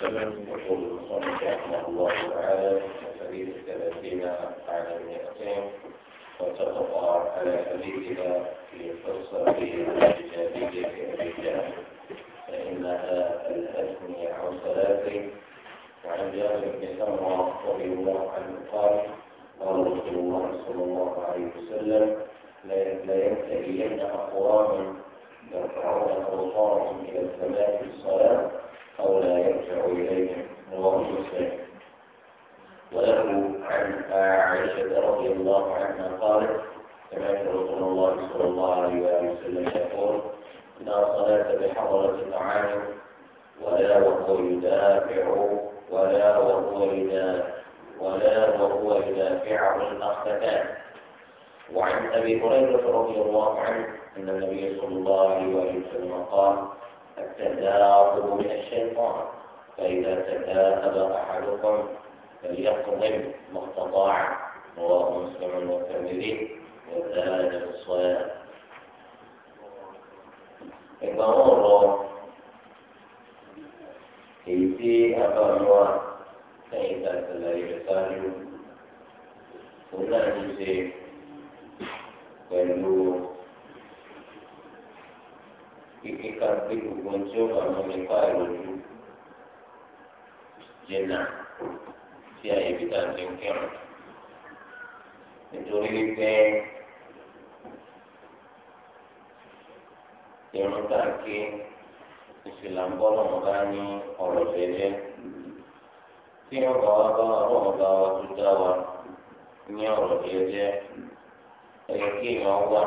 والسلام يقول المصنف رحمه الله تعالى حديث الثلاثين على المئتين وتتقار على حديثنا في قصة جابر أبي جهل فإنها الأثني عن صلاته وعن جابر بن سمرة رضي الله عنه قال قال رسول الله صلى الله عليه وسلم لا يمتلئن أقوام يرفعون أوصارهم إلى السماء في الصلاة أو لا يرجع إليهم الله مسلم وله عن عائشة رضي الله عنها قالت سمعت رسول الله صلى الله عليه وسلم يقول لا صلاة بحضرة الطعام ولا وهو يدافع ولا وهو يدافع ولا وهو يدافعه الأختتان وعن أبي هريرة رضي الله عنه أن النبي صلى الله عليه وسلم قال التداخل من الشيطان فإذا تداخل أحدكم فليقضم ما استطاع رواه مسلم والترمذي وزاد الصلاة إبراهيم إيتي أبا نواه فإذا تلاقي رساله قلنا أن kíkí kan bí gbogbo tí ó bá mú nípa ìrojú jìnnà sí àyèbí tá a ti ń kírun nítorí wípé irun káàkiri ìsìlámbọ́ náà bá ní ọ̀rọ̀ jẹ́jẹ́ tí wọ́n bá wá bá ọlọ́run bá wa tó dá wa ní ọ̀rọ̀ jẹ́jẹ́ ẹ̀yẹ kí èèyàn wà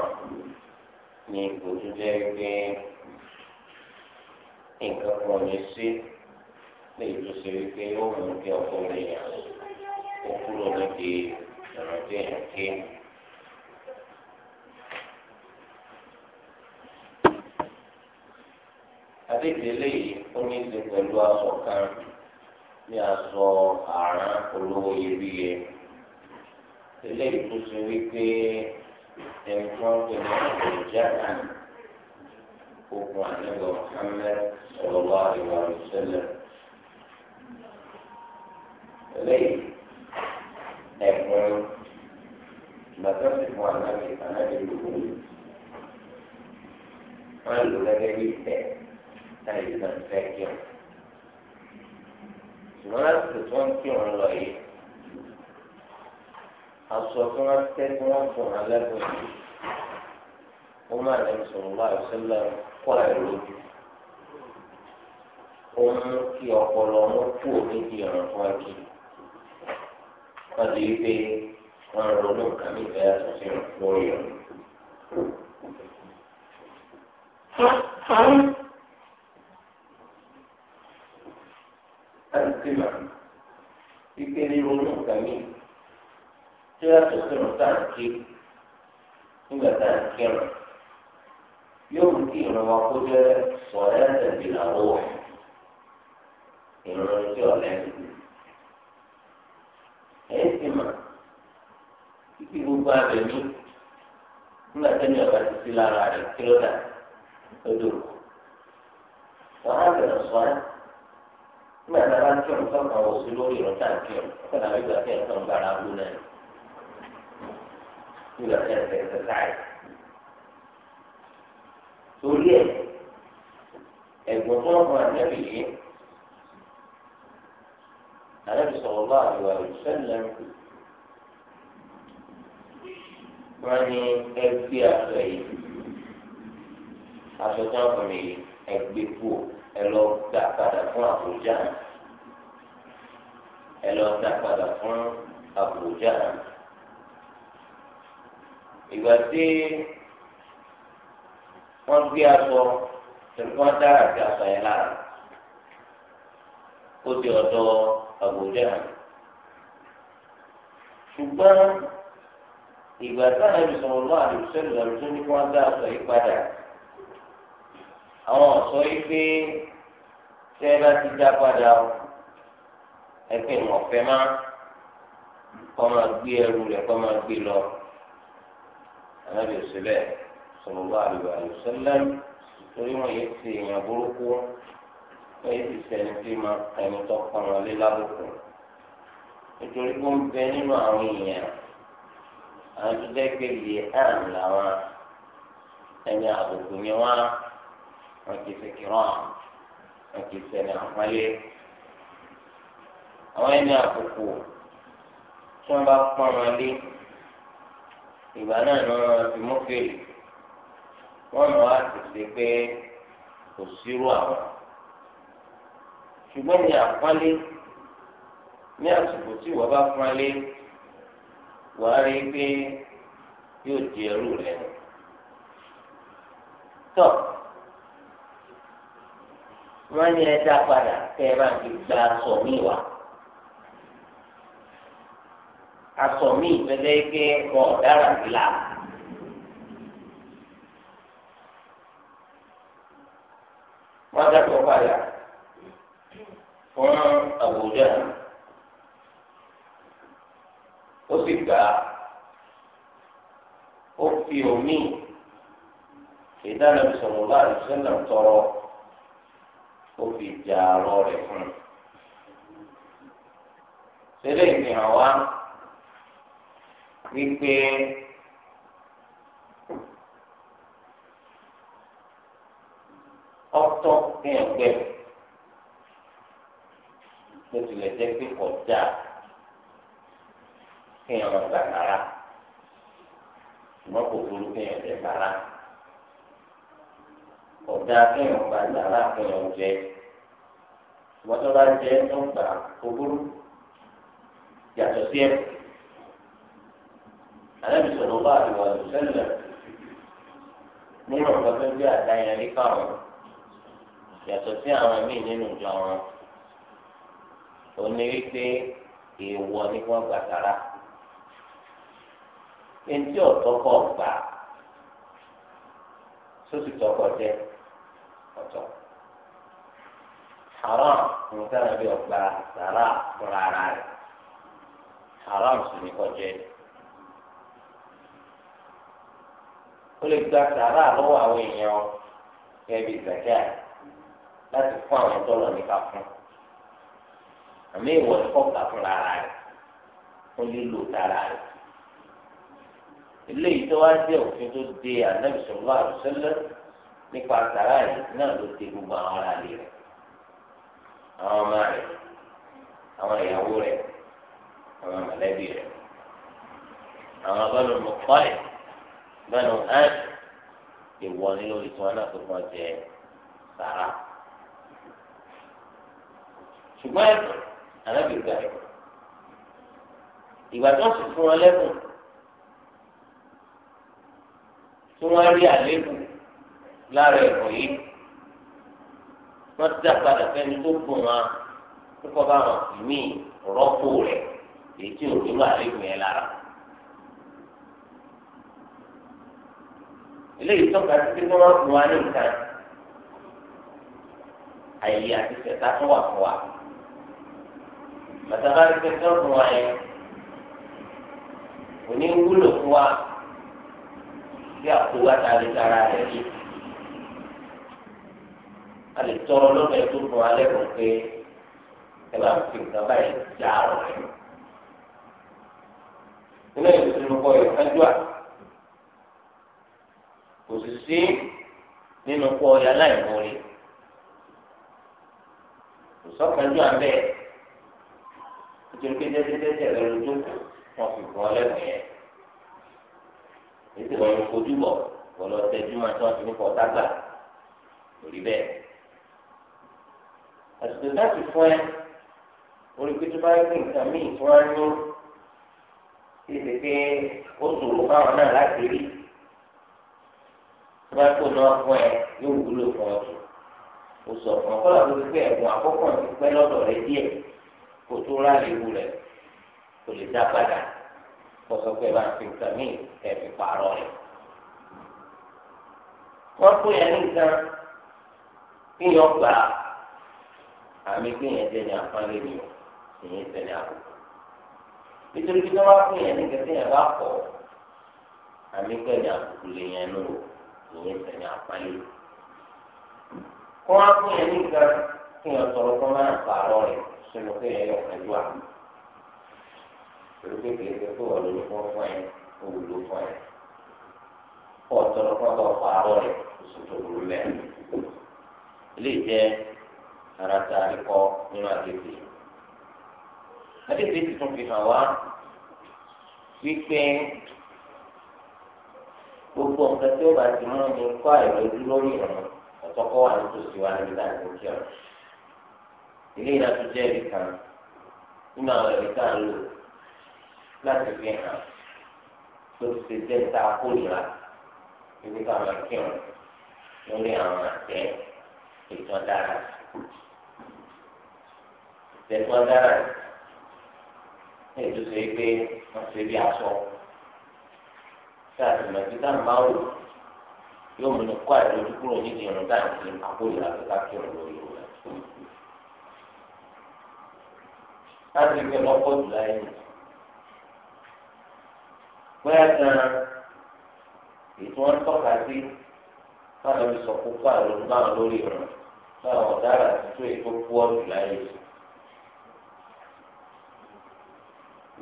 ní ipò tó jẹ́ nǹkan kan lè ṣe lè tó ṣe wípé ó mú kí ọkùnrin yẹn ó kúrò níbi ọ̀nà tí èèyàn ké. àdéhùn eléyìí ó ní í ṣe pẹ̀lú aṣọ kan ní aṣọ àrán olówó iyebíye eléyìí tó ṣe wípé ẹnìkan pè ní ọ̀pọ̀ ìjà náà. حكم النبي محمد صلى الله عليه وسلم ليه أكون ما تصف عن النبي أنا بالوجود قال له لا جديد أيضا فاكر إيه؟ ما تتوقع الله الصلاة تتوقع على الوجود إيه؟ وما النبي صلى الله عليه وسلم fọ́ ẹ̀ lójú ó mú kí ọpọlọ wọn kú òdìdí ọ̀ràn fún ẹbí wọn lè gbé wọn ronú kàmí ìfẹ́ àtúnṣe lórí ọ̀rọ̀. Àtìmá wípé ríronú kàmí tí wọ́n tún sọ̀rọ̀ táǹkì nígbà táǹkì ọ̀rọ̀. يمكن أن أقول صلاة بلا روح إنه يرجع لك إسمع في بابا مني ما تنيا بس سلا رأي كيلو ده أدور وهذا الصلاة ما نبان كم كم أو سلوري رتان كم كنا بيجا كم كم بعابونا إذا كان في التسعير torí ẹ̀ ẹ̀gbọ́n tó wọn ànábì yìí ànábì sọ̀rọ̀ bá àdúrà rẹ̀ sẹ́lẹ̀ wọn ni ẹgbẹ́ aṣọ yìí aṣọ tó wọn fún yìí ẹgbẹ́ kú ẹ lọ gbà padà fún àbújá ẹ lọ gbà padà fún àbújá ìgbà tí wọ́n gbé aṣọ tẹ̀síwọ́n dára sí aṣọ yẹn lára ó di ọ̀dọ̀ àgbòjá ṣùgbọ́n ìgbà táwọn ẹbí sọ̀rọ̀ lọ́wọ́ àdìsẹ́lù àdìsẹ́lù ní kí wọ́n dá aṣọ yìí padà àwọn ọ̀ṣọ́ yìí pé tẹ́ ẹ bá ti dá padà o ẹ pé wọn má kọ́ máa gbé ẹrù rẹ̀ kọ́ máa gbé lọ àwọn ẹbí ò sí bẹ́ẹ̀ sọlọ́lá àlùbọ̀ àlùsọ́lá torí wọn yéé ti èèyàn burúkú wọn yéé ti sẹni tí máa ẹni tó kàn wọn lé lábùkù nítorí pé ń bẹ nínú àwọn èèyàn àwọn tó jẹ́ pé lè hàn làwọn ẹni àbùkù ni wọn wọn ti fi kírọ̀ wọn ti sẹni àpọ́nlé àwọn ẹni àbùkù tí wọn bá pọ́n wọn lé ìgbà náà ni wọn fi mú fèrè wọ́n mọ̀ á ti ṣe pé kò sírú àwọn. ṣùgbọ́n ní àpọ́nlé ní àsìkò tí wọ́n bá pọ́nlé wàá rí i pé yóò di ẹrú rẹ̀. tọ́ wọ́n ní ẹ padà kẹ́ ẹ bá ń gba aṣọ mi wá. aṣọ mi ìfẹ́ wọ́n dákọ̀ padà fún àwùjọ ó sì gbà á ó fi omi ìdáná sọ̀rọ̀ láàrin sọ́nà tọrọ ó fi jà àárọ̀ rẹ̀ fún un. Sẹ́lẹ̀ ìfihàn wípé. kéèyàn pẹ́ bó tilẹ̀ jẹ́ pé kọjá kéèyàn lọ gbà nàrà ṣùgbọ́n kò burú kéèyàn jẹ nàrà kọjá kéèyàn gbà nàrà kéèyàn jẹ ṣùgbọ́n tó bá jẹ tó burú yàtọ̀ sí ẹ̀ alẹ́ mi sọ̀rọ̀ bá àdìwọ̀ sẹ́lẹ̀ nínú ọ̀gá tó ń gbé àdáyẹn ní káwọn yàtọ̀ sí àwọn míì nínú ìjọ wọn ó ní wípé èèwọ̀ ni wọ́n gbà sára eŋti ọ̀tọ́kọ̀ gbà sósì tọkọ jẹ ọ̀tọ̀ haram nǹkan àbí ọgbà sára fúnra ara rẹ̀ haram sì ni kọjẹ ó lè gba sára lọ́wọ́ àwọn èèyàn kẹ́ẹ́ bí láti fún àwọn tọ́lọ̀ nípa fún àmì ìwọ ni kọ́ọ̀kà fún ara rẹ̀ fún lílo tara rẹ̀ eléyìí tó wá jẹ́ òfin tó de ànábì sallallahu alaihi wasallam nípa tara rẹ̀ náà ló de gbogbo àwọn ará rẹ̀ àwọn ọmọ rẹ̀ àwọn ìyàwó rẹ̀ àwọn mọ̀lẹ́bí rẹ̀ àwọn abọ́lọ̀ mọ̀kọ́ rẹ̀ bẹ́ẹ̀ ni ìwọ ni lórí tí wọ́n náà tó kọ́ ṣùgbọ́n ẹ̀sùn ànábì gbà ẹ̀ ìgbà tó ń sùn fún wọn lẹ́kùn tí wọ́n rí àléébù lára ẹ̀kọ́ yìí wọ́n dá padà fẹ́ni tó gùn wọn kíkọ́ bá wọn sì mí rọ́pò rẹ̀ èyí tí ò nínú àléébù yẹn lára. eléyìí tọ́ka sí pé wọ́n fún wa ní nǹkan àyè àti ṣẹ̀dá tó wà fún wa bàtàkà ti pẹ́ tọ́ọ̀bù wọn yẹn kò ní wúlò fún wa bí àkówá ta lè tara rẹ̀ yìí a lè tọrọ lọ́dọ̀ ẹ̀ tó fún wa lẹ́kọ̀ọ́ pé ẹ bá fi nǹkan báyìí já ọ̀rọ̀ rẹ̀ nínú ìlú tí mo kọ́ ẹ̀ kájú à kò sì sí nínú kọ́ ọ̀yà láì mọ̀ọ́rẹ́ kò sọ́kànjú à bẹ́ẹ̀ torí pé lójú wọn fi kọ́ lẹ́nu yẹn ètò ìwọ̀n fojú bọ̀ wọ́n lọ máa tí wọ́n ti ní lórí bẹ́ẹ̀. àsìkò láti fún ẹ orí pé tó bá rí nǹkan míì tí wọ́n ní ṣèṣe pé ó ṣòro fáwọn náà láti rí tó bá kó náà fún ẹ yóò wúlò fún ọ tó sọ fún ọ kọ́lá tó ti pé ẹ̀bùn àkọ́kọ́ ti pẹ́ lọ́dọ̀ rẹ díẹ̀ kò tó ráàlì wù rẹ̀ kò lè dá padà kó sọ pé máa fi nǹkan míì kẹ́ fi pààrọ̀ rẹ̀. wọ́n pè é ní nǹkan kí yọ gbà àmì kí yẹn jẹ́ ní àpáńlé mi ò ìyẹn tẹ̀lé àbùkù. nítorí pé wọ́n bá pè é ní nǹkan yẹn bá pọ̀ àmì kẹ́ ní àbùkù lè yẹn nù ìyẹn tẹ̀lé àpáńlé. kó wọ́n pè ní nǹkan kí wọn sọ̀rọ̀ kọ máa pààrọ̀ rẹ sínú pé ẹyọ pẹ̀lú à pẹ̀lú kékeré pé kó wọn lò fún fún ẹ kó wọn lò fún ẹ kó wọn sọ̀rọ̀ kọ máa pààrọ̀ rẹ oṣù tó burú lẹ ilé jẹ ara ta ikọ nínú àdébì àdébì ti tún fi hàn wá wípé gbogbo nǹkan tí ó bá ti mú mi kọ́ àìlójú lórí ọ̀nà ọ̀tọ́kọ́ wà nítòsí wa níbi tá a ti ń kí ọ̀rọ̀ ilé ìdájọ́ jẹ́ ìkan nínú àwọn ẹ̀rí tá à ń lò láti fi hàn tó ṣe jẹ́ ta kórìíra ibi ká máa kírun lórí àwọn àtẹ ìtàn dára ìtẹ̀gbọ́n dára ètò ṣe é pé wọ́n ṣe bí aṣọ sáà tìmọ̀ títà máa wò yóò múni kó àìlójú kúrò nídìí irun dáhùn sí akórìíra tó ká kírun lórí ìwé. láti fi lọ́pọ̀ jù láyé bóyá kan ètò wọn tọ́ka sí láti fi sọ kókó àlọ́ náà lórí ọ̀rọ̀ láwọn ọ̀daràn tuntun ètò kú ọ̀jù láyé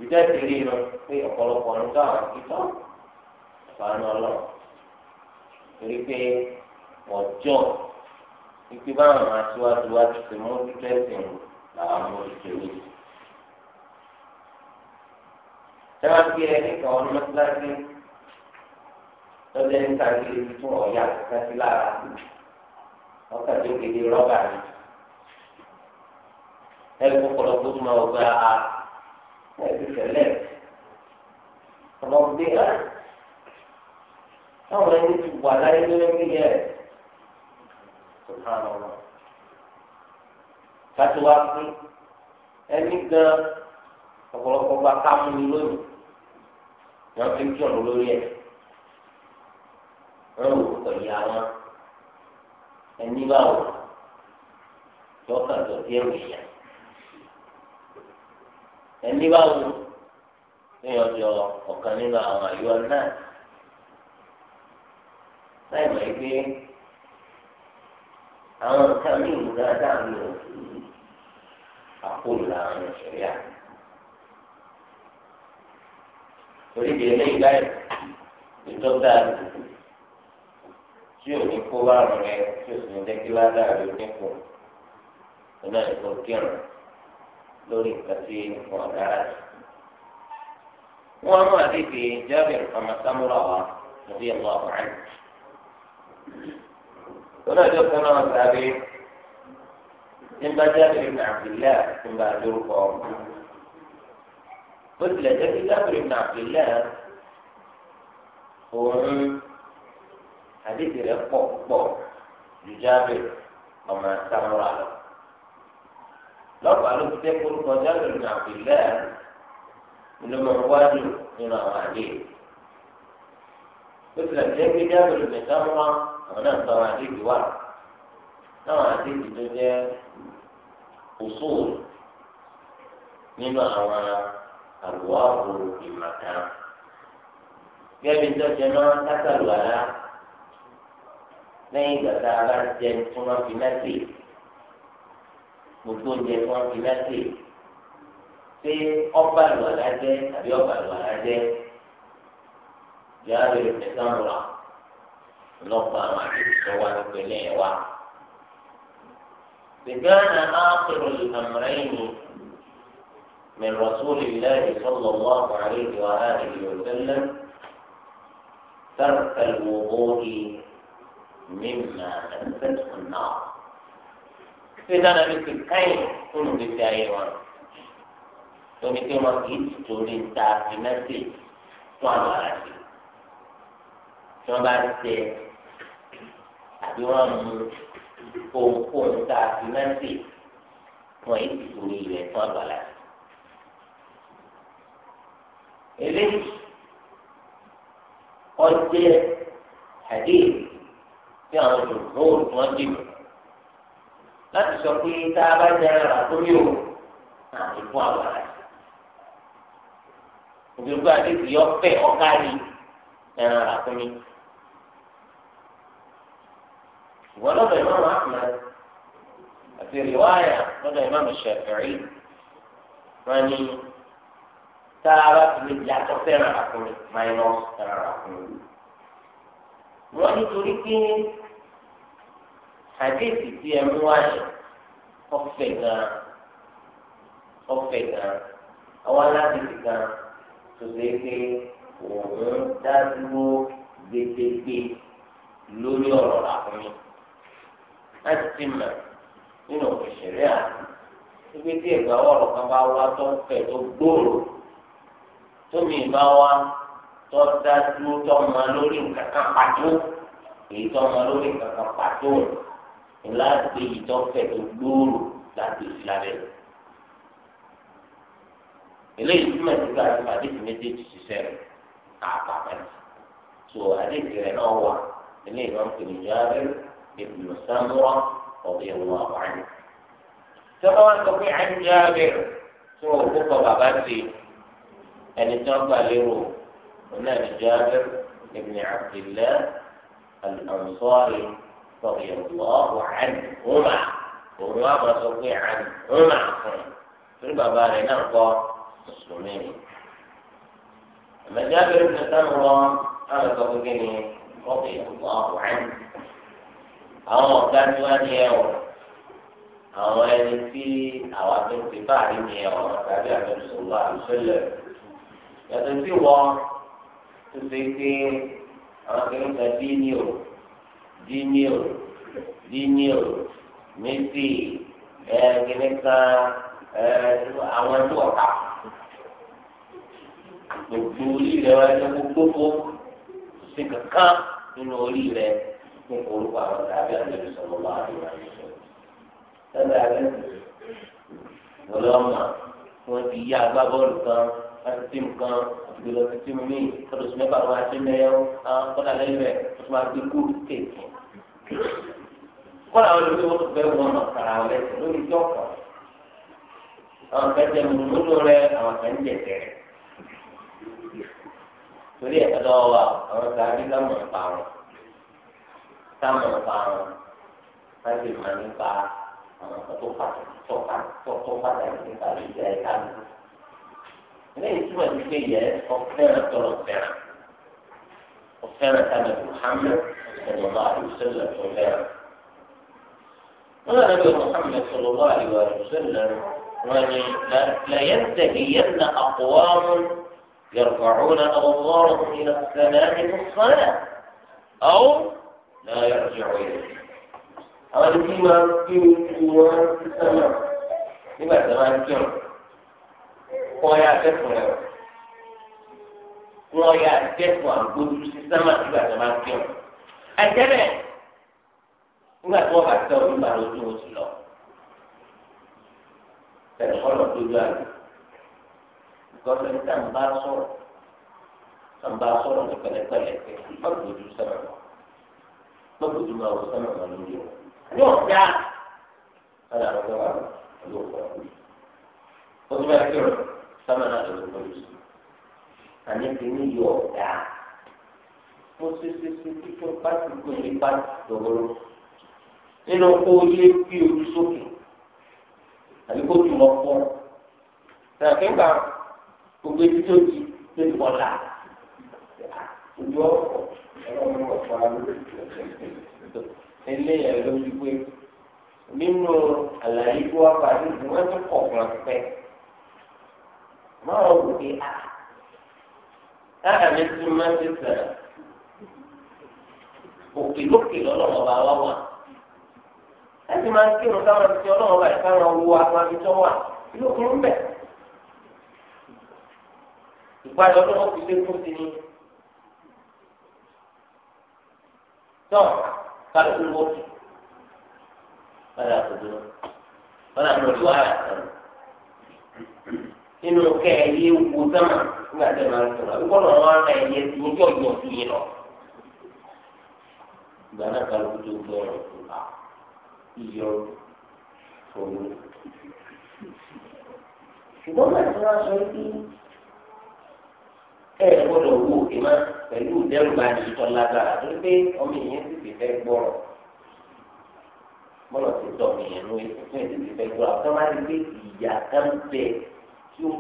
ìjẹ́ ìrírí lọ pé ọ̀pọ̀lọpọ̀ ń dá àwọn ìtọ́ àfààní ọlọ́run torí pé ọjọ́ ìpínlẹ̀ àwọn aṣíwájú wa ti ṣe mọ́tútù ẹ̀sìn làwọn mọ́tútù yìí. tẹ́wọ́n gbé ẹni kan ọdún mọ́tíláṣí lọ́jọ́ níta kiri ti tún ọ̀yà kẹ́sí lára ọkà tó kéde rọ́bà ni ẹ̀rù kọ̀ọ̀lọ́gbó tó máa gba a ẹ̀rù tẹ̀lẹ̀ ọmọ gbé a táwọn ẹni ti wà láyé lórí ẹni yẹ tó hàn ọ́ kátó wá fún ẹni gan ọ̀pọ̀lọpọ̀ gba kámú ni lónìí wọn fi ń kí ọ̀run lórí ẹ̀ wọn wò pẹ̀lú àwọn ẹni báwo lọ́kàn tó dé òòyà ẹni báwo níyàn jọ ọ̀kan nínú àwọn àyọ̀ náà láì mọ̀ pé àwọn nǹkan mìíràn dáadáa lò àpò làwọn ìṣẹ̀lẹ̀ àná. torí di eléyìí láì ìjọba tí ò ní kó bárùn rẹ tí ò sì ní dẹ́kí ládàá rẹ nípò iná ìkó kírun lórí nǹkan tí wọn dára sí. wọn mú àdébì jábìrì kàmásámúrà wa lórí ẹ̀rọ àbáyé. lọ́nà ìjọ náà sáré tí ń bá jábìrì ní àbílẹ̀ ń bá dúró kọ́ ọ́ ó tilẹ̀ jẹ́ kí jábìrì ibn Abdillah òun àdéhì rẹ̀ pọ̀ pọ̀ ju jábìrì ọmọ Samura lọ. lọ́pàá ló ti jẹ́ kórúkọ jábìrì ibn Abdillah ló mọ̀ wájú nínú àwọn àdéhì. ó jẹ́ kí jábìrì ibn Samura àwọn náà sọ àwọn àdéhì wà náà àdéhì tó jẹ́ òṣòwò nínú àwọn àlùwàbò ìmàkà gẹ́gẹ́ bí sọ́jà náà kásàlù àlá lẹ́yìn ìgbà tá a bá jẹ tí wọ́n fi mẹ́sì gbogbo oúnjẹ tí wọ́n fi mẹ́sì pé ọba lù àlá jẹ́ àbí ọba lù àlá jẹ́ yàrá rẹ̀ tẹ̀sán àwọn àdìsọ́ wa ló pẹ̀lẹ́ wa. بكان آخر الأمرين من رسول الله صلى الله عليه وآله وسلم ترك الوضوء مما أنفته النار إذا أنا مثل كاين كل بداية tóní pé wọn kì í torí ń ta fínẹ́sì fún àwọn ará sí tí wọn bá tẹ àbí wọn mú ohunkóhun ta fínẹ́sì wọn yìí ti torí rẹ fún àgbàlá sí. eléyìí ọjẹ àdéhìí tí àwọn olùdókòwò tí wọn dìbò láti sọ pé tá a bá jẹ ara tó yẹ o àti fún àwọn ará òdòdó àdéhìí ọfẹ ọkárí ẹran ara tó yẹ ìwọ lọ́dọ̀ ìmáàmù Ahmad àti rìwáyà lọ́dọ̀ ìmáàmù Shafi'i wọn ni tára bá ti lè yàtọ̀ fẹ́ràn àkùnrin minus fẹ́ràn àkùnrin. wọ́n nítorí pé àdéhùn tí ẹ mú wáyé ọ̀fẹ́ gan-an ọ̀fẹ́ gan-an àwọn aládìsí gan-an tó ṣe é pé òun dá dúró gbẹgbẹgbẹ lórí ọ̀rọ̀ làkùnrin láti ti mọ̀ nínú òṣèré àti ibi tí ẹ̀gbọ́n ọ̀rọ̀ kan bá wá tó ń fẹ̀ tó gbòòrò tómi ìbá wa tó dájú tó mọ lórí nǹkan kan pàtó èyí tó mọ lórí nǹkan kan pàtó láti èyí tó fẹ̀ tó gbòòrò láti ìlànà eléyìí túmọ̀ sí pé àti màdìsí méjèèjì ṣiṣẹ́ rẹ̀ àpapẹ̀ tó àdéhìí rẹ̀ náà wà eléyìí náà ń pè ní jáde ابن سمرة رضي الله عنه. سمرة تقول عن جابر سورة بابا بابا ẹni tí wọ́n gbà lérò ọ̀nà Jabir ibn Abdillah al-Ansari radiyallahu anhuma òun wà máa sọ pé anhuma fún un torí bàbá rẹ̀ náà kọ́ mùsùlùmí ni. أما جابر بن سمرة هذا تقولني رضي الله عنه أو كان يواني أو أو أن في أو أن في بعض أو تابع النبي صلى الله عليه وسلم yàtọ̀ sí wọn tó ṣe pé àwọn akẹ́kọ̀ọ́ kan dín ní o dín ní o dín ní o méjì ẹ̀ẹ́dínlẹ́ kan àwọn tó ọ̀tá gbogbo orí rẹ wá ní gbogbo ṣe kankan nínú orí rẹ ní orúkọ àwọn tàbí àlejò sọ̀rọ̀ wá àdúrà yìí sọ̀rọ̀. lọ́dọ̀ àlẹ́ ìwọlọ́mà wọ́n ti yá agbábọ́ọ̀lù kan láti tí mu kan àtìgbè lọ sí tí mu míì kọ́dọ̀ sí mẹ́fà wọn àti mẹ́yẹ́wó àwọn kọ́dà lẹ́yìn rẹ̀ tó máa gbé kú kéèké. kọ́dà wọn lórí wọn bẹ́ẹ̀ wọn mọ̀ kàrà wọn lẹ́sẹ̀ lórí tí ọkọ̀ àwọn kẹ́jẹ́ mu múlò rẹ àwọn kẹ́ ń jẹ̀jẹ̀ rẹ̀. torí ẹ̀ lọ́ wa àwọn sàbí lámọ̀ pa wọn sámọ̀ pa wọn láti mọ̀ nípa àwọn tó pàtàkì tó pàtàkì nípa ìjà ìta nù. eléyìí túmọ̀ sí pé yẹ ọ̀fẹ́ràn tọrọ fẹ́ràn ọ̀fẹ́ràn tàbí Muhammad sallallahu alaihi wasallam tó fẹ́ràn. wọ́n lọ́nà bí Muhammad sallallahu alaihi wasallam wọ́n ní لينتهين أقوام يرفعون أبصارهم إلى السماء الصلاة أو لا يرجع إليه أو لما في السماء لما تمام كيرو kọ́ ọ́ yá sẹ́kùn rẹ̀ wọ́n yá sẹ́kùn àgbójú sí sámà tí bàtà máa ń kí wọn. àjẹ́bẹ̀ nígbà tí wọ́n bá tẹ ọdún bá lójú wọn sí lọ. bẹ̀rẹ̀ kọ́ lọ dojú àná. ìkọ́sọ̀ ní sàǹbá sọ̀rọ̀ sàǹbá sọ̀rọ̀ ní pẹ̀lẹ́pẹ̀lẹ́ pé wọ́n dojú sámà lọ. wọ́n dojú máa wọ sámà lọ lójú wọn. yóò dá ọ̀dà àgbẹ̀wò àlọ́ 我这边就是。sábà náà ló ló yìí àní kìíní yọ ọ̀dà mo ṣe ṣe ṣe kíkọ́ bá ti gbé yín bá ti dọ̀wọ́rọ́ nínú kó yé bí ojú sókè àbí kó tún lọ fọ́ náà kéka gbogbo etí tó di tó ti wọ́n la ojú ọ̀pọ̀ ẹ̀rọ mi wọ̀ fún alẹ́ eléyà ló ti gbé nínú àlàyé tó wá pàdé ìdúró tó kọ̀ fún ọ pẹ́ máa wù pé a táà mi ti máa ti sẹ̀rẹ̀ òkè lókè lọ́lọ́wọ́ bá wá wà ẹ̀sì máa ń kírun táwọn ti ti ọlọ́wọ́ bá ìka wọn wú wa máa fi tọ́ wà yóò kún un bẹ̀. ìpàdé ọlọ́wọ́ fi lé fún ti ní. tọ́ kálukú wọ́ọ̀kì padà nínú kẹ́ ẹ wo sẹ́mà nígbà tẹ̀ máa sùn àbí kọ́ lọ́wọ́ ara ẹ̀yẹ ti yín tí ọ̀gbìn yìí lọ. ìgbà náà tó gbọ́ ọ̀rọ̀ tó bá iyọ̀ fòlù. ṣùgbọ́n mẹ́ta wá sọ pé ẹ ẹ gbọ́dọ̀ wo òkè má pẹ̀lú ìdẹ́rùbá ní ìtọ́ lágbára tó pé ọmọ ìyẹn sì fi fẹ́ gbọ́rọ̀ bọ́lọ̀ ti tọ̀ ìyẹn lóye fún ìdí tí ó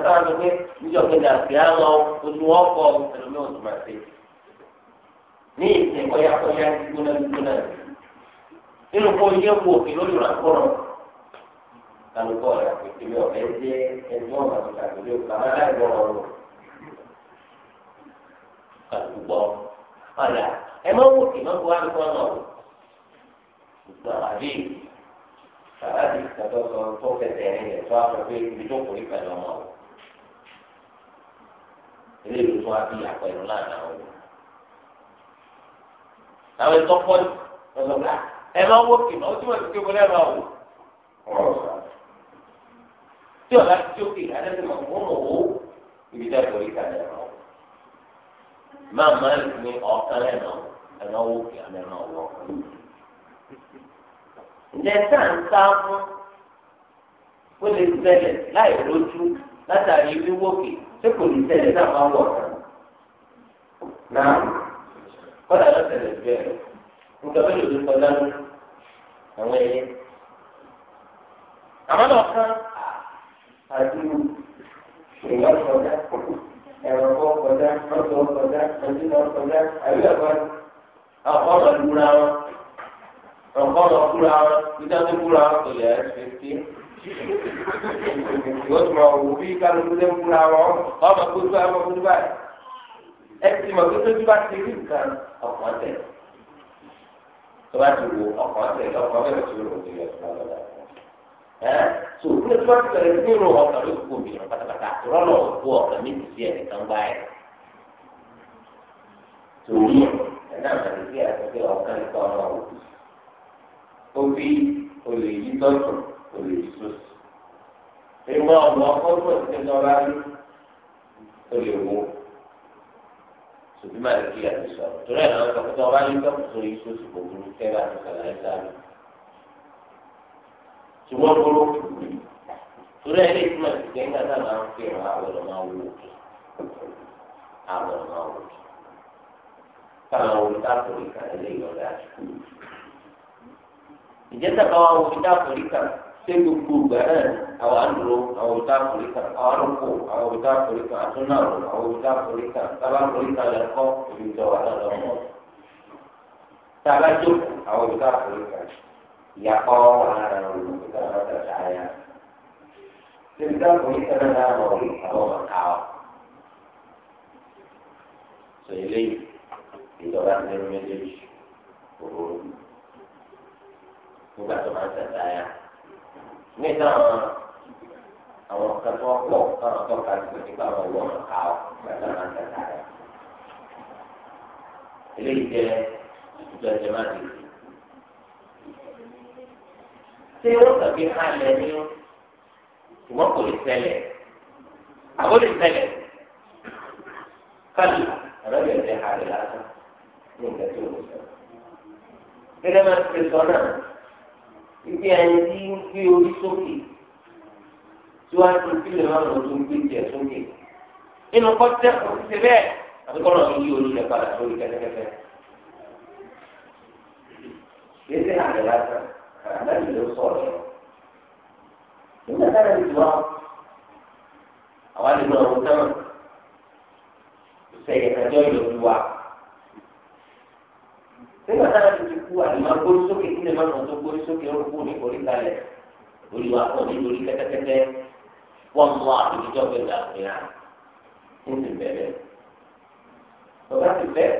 jìnnà àwọn táwọn sọ pé níjọ kejì àti àwọn oṣù wọn kọ oṣù máa ní ìsìn kọyàkọyà gbígbóná gbígbóná nínú kó yẹ kó òkè lórí ìrànkọ́rọ̀ kálukọ́ rẹ̀ àpèkèrè ọ̀rẹ́ jẹ́ ẹgbẹ́ ọ̀rọ̀ àti àpèkèrè ọ̀kàmá láìpẹ́ ọ̀rọ̀ kàlùgbọ́ ọ̀là ẹ má wò sàláàdì ìtàtọ́ sọ tó fẹsẹ̀ ẹ̀yìn rẹ̀ tó aṣọ pé ibi tó kùnrin pẹ̀lú ọmọ o ilé ìlú tó wá bí àpẹẹrẹ lánàá o àwọn ètò pọ̀ lọ́sọ̀gbà ah, ẹ máa ń wó kìnnà ó túmọ̀ sí pé wọlé máa wò tí ọ̀la tí ó kìnnà ẹ̀ lẹ́sìn mọ̀ fún òwò ibi tó kùnrin pẹ̀lú ọmọ o máa máa ní ọ̀kan lẹ́nu ẹ̀nà owó kìnnà ẹ̀nà ọ̀wọ́ lẹ́tà ń sá fún ó lè ṣẹlẹ̀ láì lójú látàrí wíwókè tí kò ní ṣẹlẹ̀ náà máa wọ̀ náà kọ́dà lọ ṣẹlẹ̀ bẹ́ẹ̀ nǹkan mélòó ló kọjá ní àwọn ẹyẹ. àmọ́ náà kán àdúró ìwà kọjá ẹ̀rọ kọ́ kọjá ọ̀dọ́ kọjá ọdún náà kọjá àyè ẹ̀kọ́ wọn. ọ̀gbọ́dọ̀ kúra ìjà tó kúra ìlẹ̀ fífi. Ìwọ́n ti máa wò bí kálukú lé kúra wọn, ọmọ kó tó ọmọ kó tó báyìí. Ẹ ti mọ̀ pé tóbi bá ti rí nǹkan ọ̀pọ̀ tẹ̀. Tó bá ti wo ọ̀pọ̀ tẹ̀ lọ́kọ̀ bẹ́ẹ̀ ti rò ó ti rẹ̀ tó lọ́dọ̀ dà. Ẹ́ tó o kúrẹ́ tó bá ti bẹ̀rẹ̀ sí ìrò ọ̀kàn ló kú mi pátápátá rọ́lọ̀ òkú ọ̀kàn mi ti fi ẹ̀ nìkan gbá ẹ̀. Torí ẹ̀ náà mà obi olè yí tọ́tù olè yí sọ́sì. ìmọ̀ ọ̀nà ọ̀pọ̀ ti lọ́ra ní olè wo. sòbí máa kí àti sọ̀rọ̀ torí ẹ̀ náà sọ̀rọ̀ tó yí tọ́tù sórí sọ́sì kò burú àti sàlàyé sáré. ṣùgbọ́n burú torí ẹ̀ lè túmọ̀ sí kẹ́ńgá náà máa ń fi hàn àwọn ọ̀nà wò ókè. àwọn ọ̀nà wò ókè. táwọn olùkọ́ àtòlù kàlẹ́ lè yọ̀ dájú ìjẹ́ tàbá wa wọ́n fi dá àforíkà ṣé gbogbo ìgbà náà àwọn àdúró àwọn òbí dá àforíkà àwọn àrùkù àwọn òbí dá àforíkà àtúnáàrò àwọn òbí dá àforíkà tábà àforíkà lẹ kọ́ òbí jọ wà lọ́dọ̀ mọ́ tábà jókòó àwọn òbí dá àforíkà ìyàpọ̀ wà lára àwọn òbí ṣé bí dá àforíkà náà dára orí àwọn ọmọ káwọ́ sọ eléyìí ìjọba ti lẹ́nu méjèèjì òwúrò nígbà tó máa ń sàtáyà ní ìtàn àwọn àwọn kan tó pọ̀ káwọn tó ka sí nípa àwọn ìwọ̀n ká ọ nígbà tó máa ń sàtáyà. eléyìí jẹ́ ìjọ ẹ̀jẹ̀ máa dì í. ṣé wọ́n kàn fi hàn lẹ́ni ṣùgbọ́n kò lè ṣẹlẹ̀ àwọn lè ṣẹlẹ̀ kálí ọ̀rọ̀ yẹn ti hàn lẹ́ni ní ìgbà tó lè ṣẹlẹ̀. gẹ́gẹ́ bá ti sọ náà ibi ẹni tí ń gbé orí sókè tí wọ́n á tún sílẹ̀ máa lọ tó ń gbé tiẹ̀ sókè nínú kọ́tẹ́ kò sí ṣe bẹ́ẹ̀ àti tó yí orí rẹ̀ padà sórí kẹ́tẹ́kẹ́tẹ́ kìí ṣe lásán àlẹ́ ló sọ̀rọ̀ nígbà táwọn ẹni tí àwọn àdìgbò ọ̀hún sẹ́wọ̀n ṣẹ̀yẹ̀ kẹjọ́ ìlú wa nígbà táwọn ti ti kú àti máa gbórí sókè kí lè má nà tó gbórí sókè ó kú ní orí kalẹ̀ orí wa kọ́ ní orí kẹ́tẹ́kẹ́tẹ́ wọ́n mú àtòjọ́ pé dàgbéra ń ti bẹ̀rẹ̀ bàbá ti bẹ̀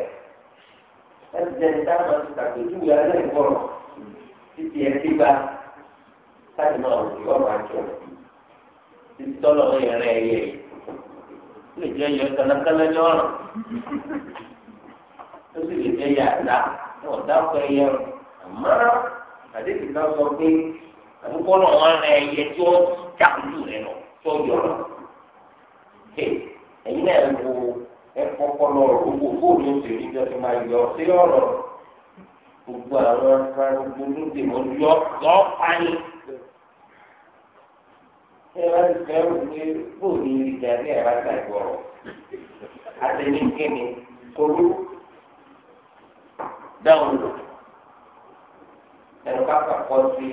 láti jẹ́ni táwọn ti tàgbéjúwe alẹ́ ìgbọ́rọ̀ títí ẹ ti gba láti máa wò yọ ọ̀rọ̀ àjọ títí tọ́lọ̀ ń yẹrẹ ẹyẹ lè jẹ́ yọ kánákáná ní ọ̀rọ̀ ó sì lè jẹ́ yàrá wọn dákọ ẹyẹ àmọ́ àdéhùn náà sọ pé àdúgbò náà wọn rẹ ẹyẹ tí wọn dàkúlù rẹ lọ tí yọ lọ ẹyin náà wo ẹ̀kọ́ kọlọ gbogbo fóònù òṣèlú ìjọ ti máa yọ sí ọ̀rọ̀ gbogbo àwọn afárá gbogbo lóde mọ yọ yọ pani ẹ bá ti fẹ́ wò pé fóònù ìjà ní ẹ̀rọ àgbà ìgbọ̀rọ̀ àtẹnikẹ́ni kọlu dáhùn lò ẹnu káfà kọ́ sí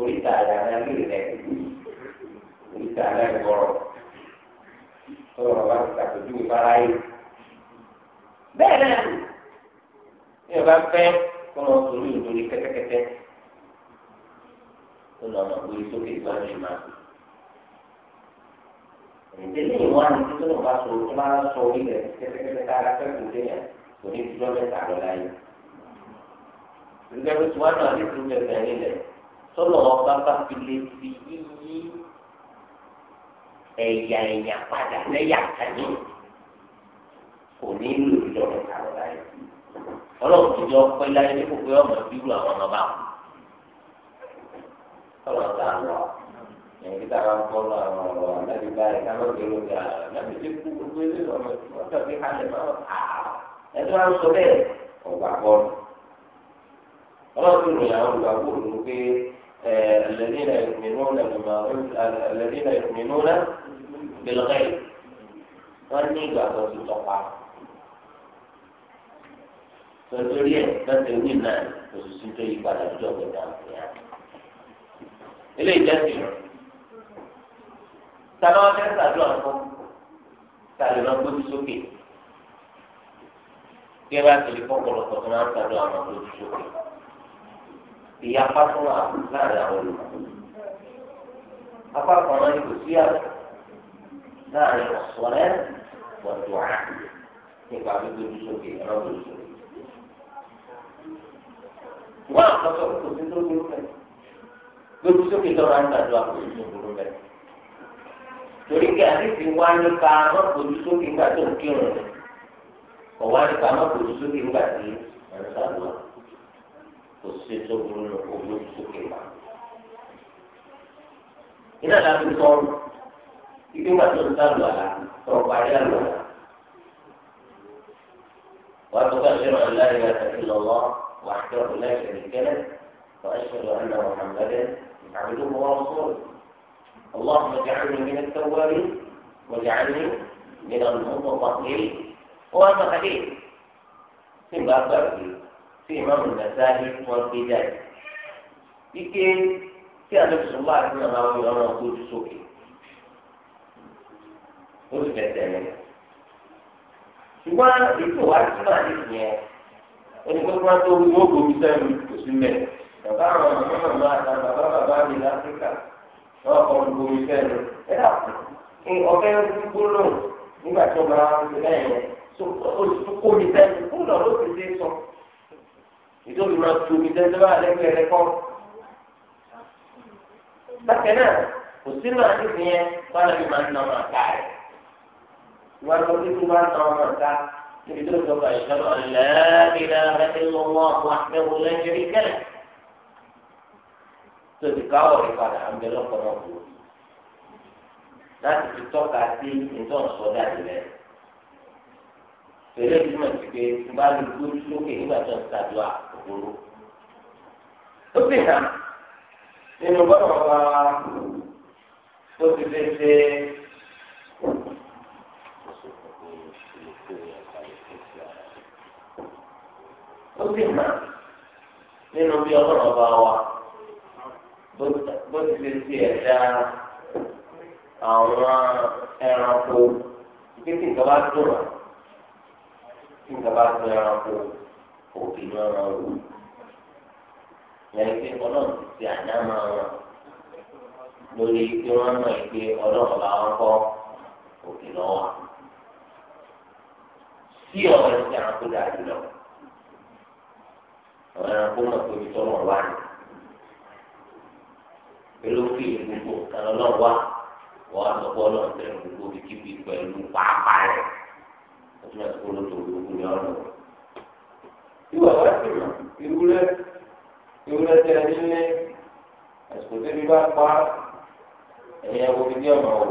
oríta àdáná lórí rẹ̀ oríta àdáná gbọ́rọ̀ tọ́lọ̀ bá ti ṣàpèjúwe bára yìí. bẹ́ẹ̀ náà ní ọba fẹ́ kọ́ lọ sórí ìdórí kẹ́tẹ́kẹ́tẹ́ tó lọ mọ̀ pé sókè tó ń ṣe máa. ìdílé ìwọ́n àti tó lọ bá sọ tó bá sọ orí rẹ̀ kẹ́tẹ́kẹ́tẹ́ kára fẹ́ kò dé yẹn kò ní ìjọ mẹ́ta lọ láyé ìgbẹ́rù tí wọ́n náà lè tún mẹ́ta nílẹ̀ sọ́nà ọba bá fi lè fi yíyí ẹ̀yà ẹ̀yà padà lẹ́yà kàní kò ní ìlú ìjọ mẹ́ta lọ láyé ọlọ́run ti jọ pẹ́ láyé ní kò pé ọmọ bíbú àwọn ọmọ bá wọn sọ̀rọ̀ sáà lọ ẹ̀yìn tí táwọn kọ́ lọ àwọn ọ̀rọ̀ láti bá ẹ̀ka lọ́gbẹ̀ẹ́ lóde àná láti dé kú gbogbo ilé ọmọ ìfọ̀tọ̀ bí hálẹ̀ máa ń hà ẹ̀tọ́ à ń sọ bẹ́ẹ̀ ọgbà bọ́ọ̀lù ọlọ́run tó ròyìn àwọn olùgbà bọ́ọ̀lù ló pé الذين يؤمنون بما الذين يؤمنون بالغيب wọ́n ní ìgbàgbọ́ tó tọ́pa torí ẹ̀ lọ́sẹ̀ wí náà òṣìṣẹ́ tó yí padà tó ọ̀gbẹ̀dà ọ̀gbẹ̀dà ilé ìjọsìn tàbí wọn fẹ́ sàdúrà fún tàbí wọn sókè kí ẹ bá tẹ̀lé fọ́pọ̀lọpọ̀ tó máa ń sàdó àwọn olójúṣòkè ìyá pátánà láàrin àwọn olùkọ́ apá kan náà kò sí àgbà láàrin ọ̀sọ̀rẹ́ pọ̀jù àá nípa olójúṣòkè ẹ̀rọ olójúṣòkè. wọ́n àkọsọ kò sí tó burú bẹ́ẹ̀ olójúṣòkè tó máa ń sàdó àwọn olójúṣòkè bẹ́ẹ̀ torí kí àdéhùn wá nípa àwọn olójúṣòkè gbàdúrà kírun rẹ̀. ọwọ́ àdìpá náà kò sókè ńgbà tí ẹ̀rọ sábà kò sí tó burú ní owó sókè wá. iná láti sọ ibi wà tó ń sá lọ àlá tó ń parí àlọ́ àlá. wà á tó ká ṣe ràn láyé àtàkì lọ́wọ́ wà á tó ràn láyé kẹ̀kẹ́ wà á ṣe ràn náà mọ̀hàmẹ́dẹ́ àbílú mọ́ sọ́ọ̀lù. اللهم اجعلني من التوابين واجعلني من المتطهرين wọ́n sọ kàdé tí ìgbà gbàgbé tí ìmáàmù Nasa'i wọn gbé jáde ike tí àdókòsó wà ní ọ̀nà àwọn ọmọ ọgbójú sókè ó sì bẹ̀tẹ̀ rẹ̀ ṣùgbọ́n ètò wa ti máa ní ìyẹn onígbàgbọ́ tó ń wọ́n kò sí bàbá àwọn ọmọ náà máa ta bàbá bàbá mi láfíríkà wọn ọ̀fẹ́ nígbà tó máa olùdókòwò mi sẹ́yìn fún lọ́rọ́ ti dé sọ ìdóòlù máa tu omi sẹ́yìn tó bá lẹ́gbẹ̀ẹ́ rẹ kọ́. bákan náà kò sínú àdéhùn yẹn wọn lè máa ń nà ọmọ àká rẹ wọn lọ sí fún wa ń àká níbi tó sọ fà ìṣọlọ lẹ́ẹ̀dínlá ẹ̀ẹ́dínlọ́ wọn àwọn àfẹ́wò lẹ́jẹ̀rí kẹlẹ̀ tó ti káwọ̀ rẹ padà ń bẹ lọ́pọ̀lọpọ̀ láti fi tọ́ka sí ìtọ́nsọ́dá ìrẹsì pẹ̀lú ẹbí mọ̀ sí pé tó bá lu lórí lókè nígbà tó ń ṣàdúrà òwúrò. ó sì hàn nínú bọ́dọ̀ bá tó ti lè ṣe. ó sì hàn nínú bí ọlọ́run bá wa bó ti lè ṣe ẹ̀dá àwọn ẹranko ìpínlẹ̀ ìjọba tó wà tí nǹkan bá tún ẹranko òkè ní ọ̀ràn òwò yẹn pé ọlọ́run ti ti àdámà wọn lórí pé wọ́n mọ̀ ẹ́ pé ọlọ́run bá wọn kọ́ òkè lọ́wọ́ tí ọ̀rọ̀ ẹ̀ ti ẹranko dà jùlọ ọ̀rọ̀ ẹranko mọ̀ pé ibi tọ́lọ̀ wà ní pẹ̀lú kí gbogbo kan lọ́wọ́ wà wọ́n á sọ pé ọlọ́run tẹ̀lé gbogbo kíbi pẹ̀lú pàápàá rẹ̀ ọtún àti kó lóto gbogbo ní ọ̀rọ̀ ìwà wá sí mọ ìwúrẹ ìwúrẹ tẹ ẹ nílé àsìkò tẹbi bá pa ẹyìn ẹwọ bíi tí ọmọ wò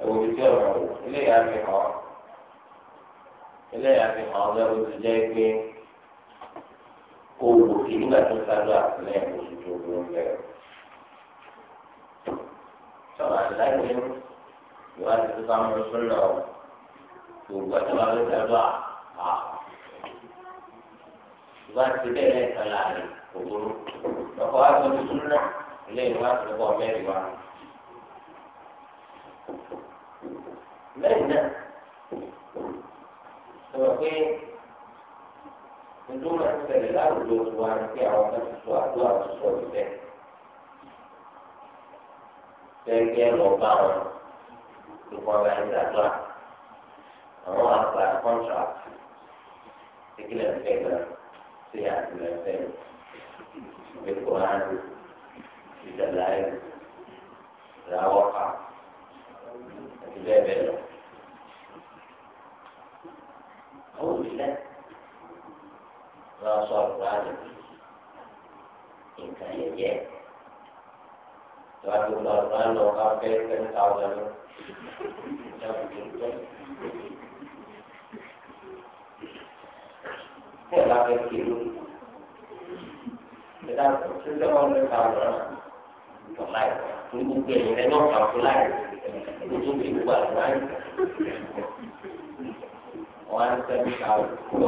ẹwọ bíi tí ọmọ wò eléyà fi hàn eléyà fi hàn ọgbẹ bó ti jẹ pé kó wò kí nígbà tó sáré àtìlẹyìn kó sì tó gbó ń bẹ̀rẹ̀ sọ̀rọ̀ àti láti ní ìwádìí tó sá mọ́ sọ́nà gbogbo ẹ̀tọ́ bá ló fẹ́ bá a. ìwà ti bẹ́ẹ̀ lẹ́ẹ̀kan láàrin òwúrọ̀ lọ́kọ̀ wá sọ tuntun náà ilé ìwà ti kọ́ mẹ́rin wá. lẹ́yìn náà sọ̀rọ̀ pé ojú máa ń tẹ̀lé láwùjọ tó wá ní kí àwọn kan ti sọ àdó àwọn sọ ìfẹ́. Fẹ́ẹ́ kí ẹ lọ bá wọn ìfọ̀nà ìdàgbà àwọn wà gba contract ìkìlẹ̀ ńfẹ́ gan sí àtìlẹ̀ ńfẹ́ ìwé kòránì ìdàláyé ìràwọ̀ká àti bẹ́ẹ̀ bẹ́ẹ̀ lọ. àwọn òṣìṣẹ́ wọn sọ kòránì nǹkan yẹyẹ tọ́wájú lọ́ọ́ lọ́ọ́ ká fẹ́ ten thousand lọ́wọ́. tẹ̀ bá fẹ́ kí ló. Ìdá tó tẹ́ wọn lè ta ọ̀rọ̀ tó láì ní gbogbo ẹ̀yìn rẹ̀ náà kà fún láì ní tó fi gbogbo àgbà yìí. á ń sẹ́ni ká kò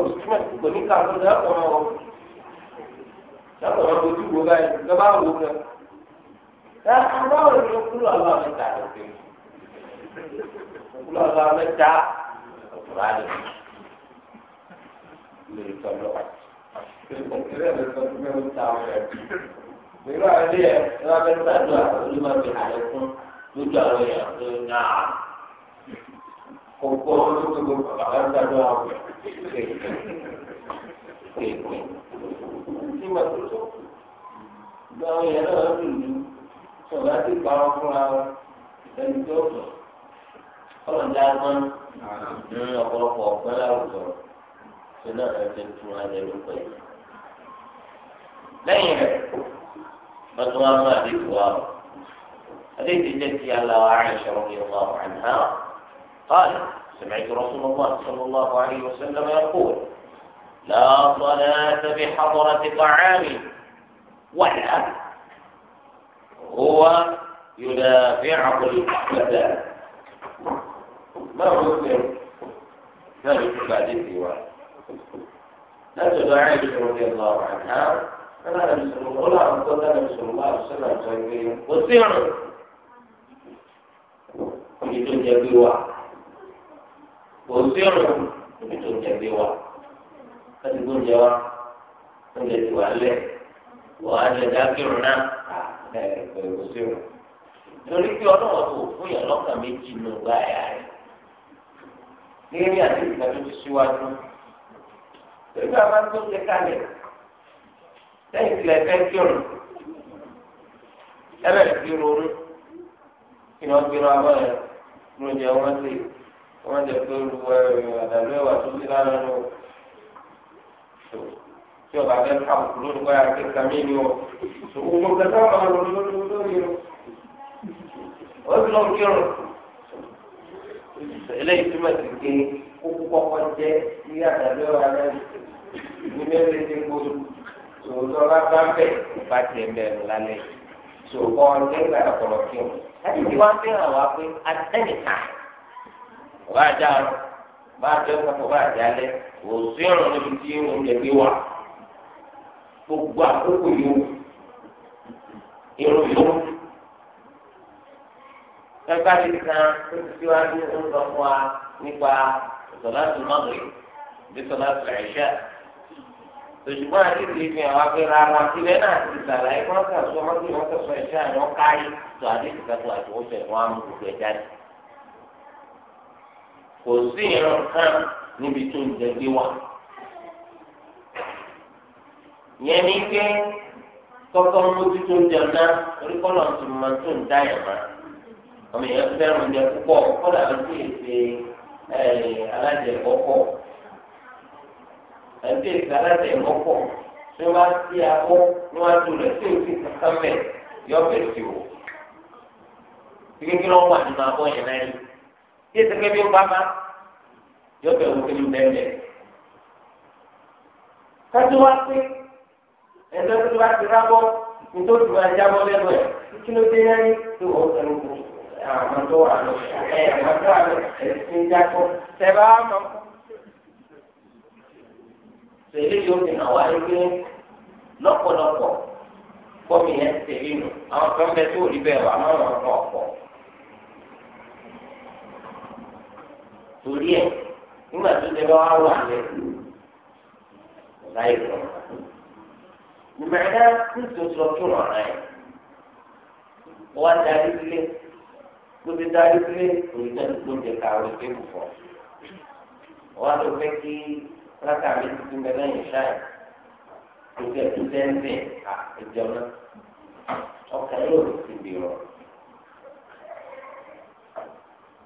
ní ká fún ẹ̀ ọ̀rọ̀ wọn. Sábà wọn wo báyìí, ìjọba bá wò ó gan. Ẹ àwọn ọ̀rọ̀ ló kúrò àwọn àmì ìta Kúrò àwọn àmì ìta lè tọ́lọ̀. ní Ọ̀pọ̀lọpọ̀ ọ̀pẹ́ láwùjọ. ṣe náà ló ti ń tún wọn lẹ́nu pẹ̀lú. lẹ́yìn rẹ̀ wọ́n tún wá mú àdéhùn wa قال سمعت رسول الله صلى الله عليه وسلم يقول لا صلاة بحضرة طعام ولا هو يدافعه الأحبة ما هو ذلك؟ ذلك بعد الديوان láti ọ̀dọ̀ ayé ìṣòro ní ọ̀la ọ̀hánà ọ̀la ìṣòro ó là ń tọ́ láti ìṣòro wà lọ́sọ̀rọ̀ àjọ ìwé kò sí ọ̀rọ̀ ibi tó jẹ bí wa kò sí ọ̀rọ̀ ibi tó jẹ bí wa láti gbóúnjẹ wa oúnjẹ ti wà lẹ̀ wọ́n á lẹ̀ dákìrún náà ẹ̀ ẹ̀ kò sí ọ̀rọ̀ torí pé ọlọ́wọ́ tó fún yàn lọ́kàn méjì nù báyà rẹ̀ ní eré àti ìgbà síwájú. torí bá tó ṣe kalẹ̀ lẹ́yìn tí lẹ́fẹ́ kí ọ̀run ruru ti ronú kí wọ́n gbé ra ló jẹ wọ́n sí wọ́n jẹ pé olùwọ́ àdàlú ẹ̀wà tó ti lára lọ tí ọba fẹ́ káàkó ni o òun lọ lórí lórí o ó lọ kí túmọ̀ sí kéé. kókó kọ́kọ́ jẹ́ sí àtàlẹ́ ọ̀rọ̀ alẹ́ ní mẹ́rin ti ń gbòòrò tòótọ́ bá bá bẹ̀ bá tiẹ̀ bẹ̀rù lálẹ́ tòótọ́ nígbà ọ̀pọ̀lọ̀ kí o. láti ti wá ń fẹ́ràn wá pé atẹ́nìkà ọba àjà ọba àjọ ìpapọ̀ ọba àjà alẹ́ kò sí ọ̀rọ̀ níbi tí oúnjẹ gbé wá gbogbo àkókò yòówù irun yòówù ẹgbẹ́ àti kan tó ti fi wá ní oúnjẹ fún wa nípa صلاة المغرب بصلاة العشاء tòṣùgbọ́n àdìsí fi hàn wá pé rárá sílẹ̀ náà ti sàlàyé wọn kà sọ wọn kì wọn kà sọ ẹ̀ṣẹ́ àná káyé tó àdìsí kan tó àdìwọ́ fẹ̀ wọn á mú gbogbo ẹ̀ jáde. kò sí ìran kan níbi tó ń jẹgbé wà. yẹn ní pé kọ́kọ́ mójútó ń jẹun náà orí kọ́lọ̀ tó máa tó ń dá yàn má. ọmọ yẹn fẹ́ràn oúnjẹ púpọ̀ kọ́lá ló sì ṣe Eh, alájẹ kọ́kọ́ ẹbí èsì alájẹ kọ́kọ́ tí wọ́n á sí akọ́ níwájú rẹ̀ tí òsì kankan mẹ́ yọ bẹ̀rẹ̀ sí o kíkékí lọ́wọ́ àdúrà abọ́ yẹn náà yìí tí èsì kẹ́bí ń bá bá yọ bẹ̀rẹ̀ wọ́n kéde bẹ́ẹ̀ bẹ́ẹ̀ kájú wá sí ẹ̀dọ́ tó wá ti rábọ́ nítorí wọ́n á jábọ́ lẹ́nu kí ló dé yẹn ní ìwọ̀n kẹrin kùn. àwọn tó wà lọ́pọ̀lọpọ̀ bọ́mì yẹn tẹ̀lé nù àwọn kan bẹ tó rí bẹ́ẹ̀ wà máa wọn kọ̀ ọ̀pọ̀. torí ẹ̀ nígbà tó tẹ bá wà wà láì lọ. tó ti dájú pé òrìṣà tó jẹ káwé pé kò fọ wọn tó fẹ́ kí rákà mi ti tún bẹ lẹ́yìn ṣáì tó fẹ́ tó tẹńtẹ à ìjọ náà ọkàn yóò ti bì rọ.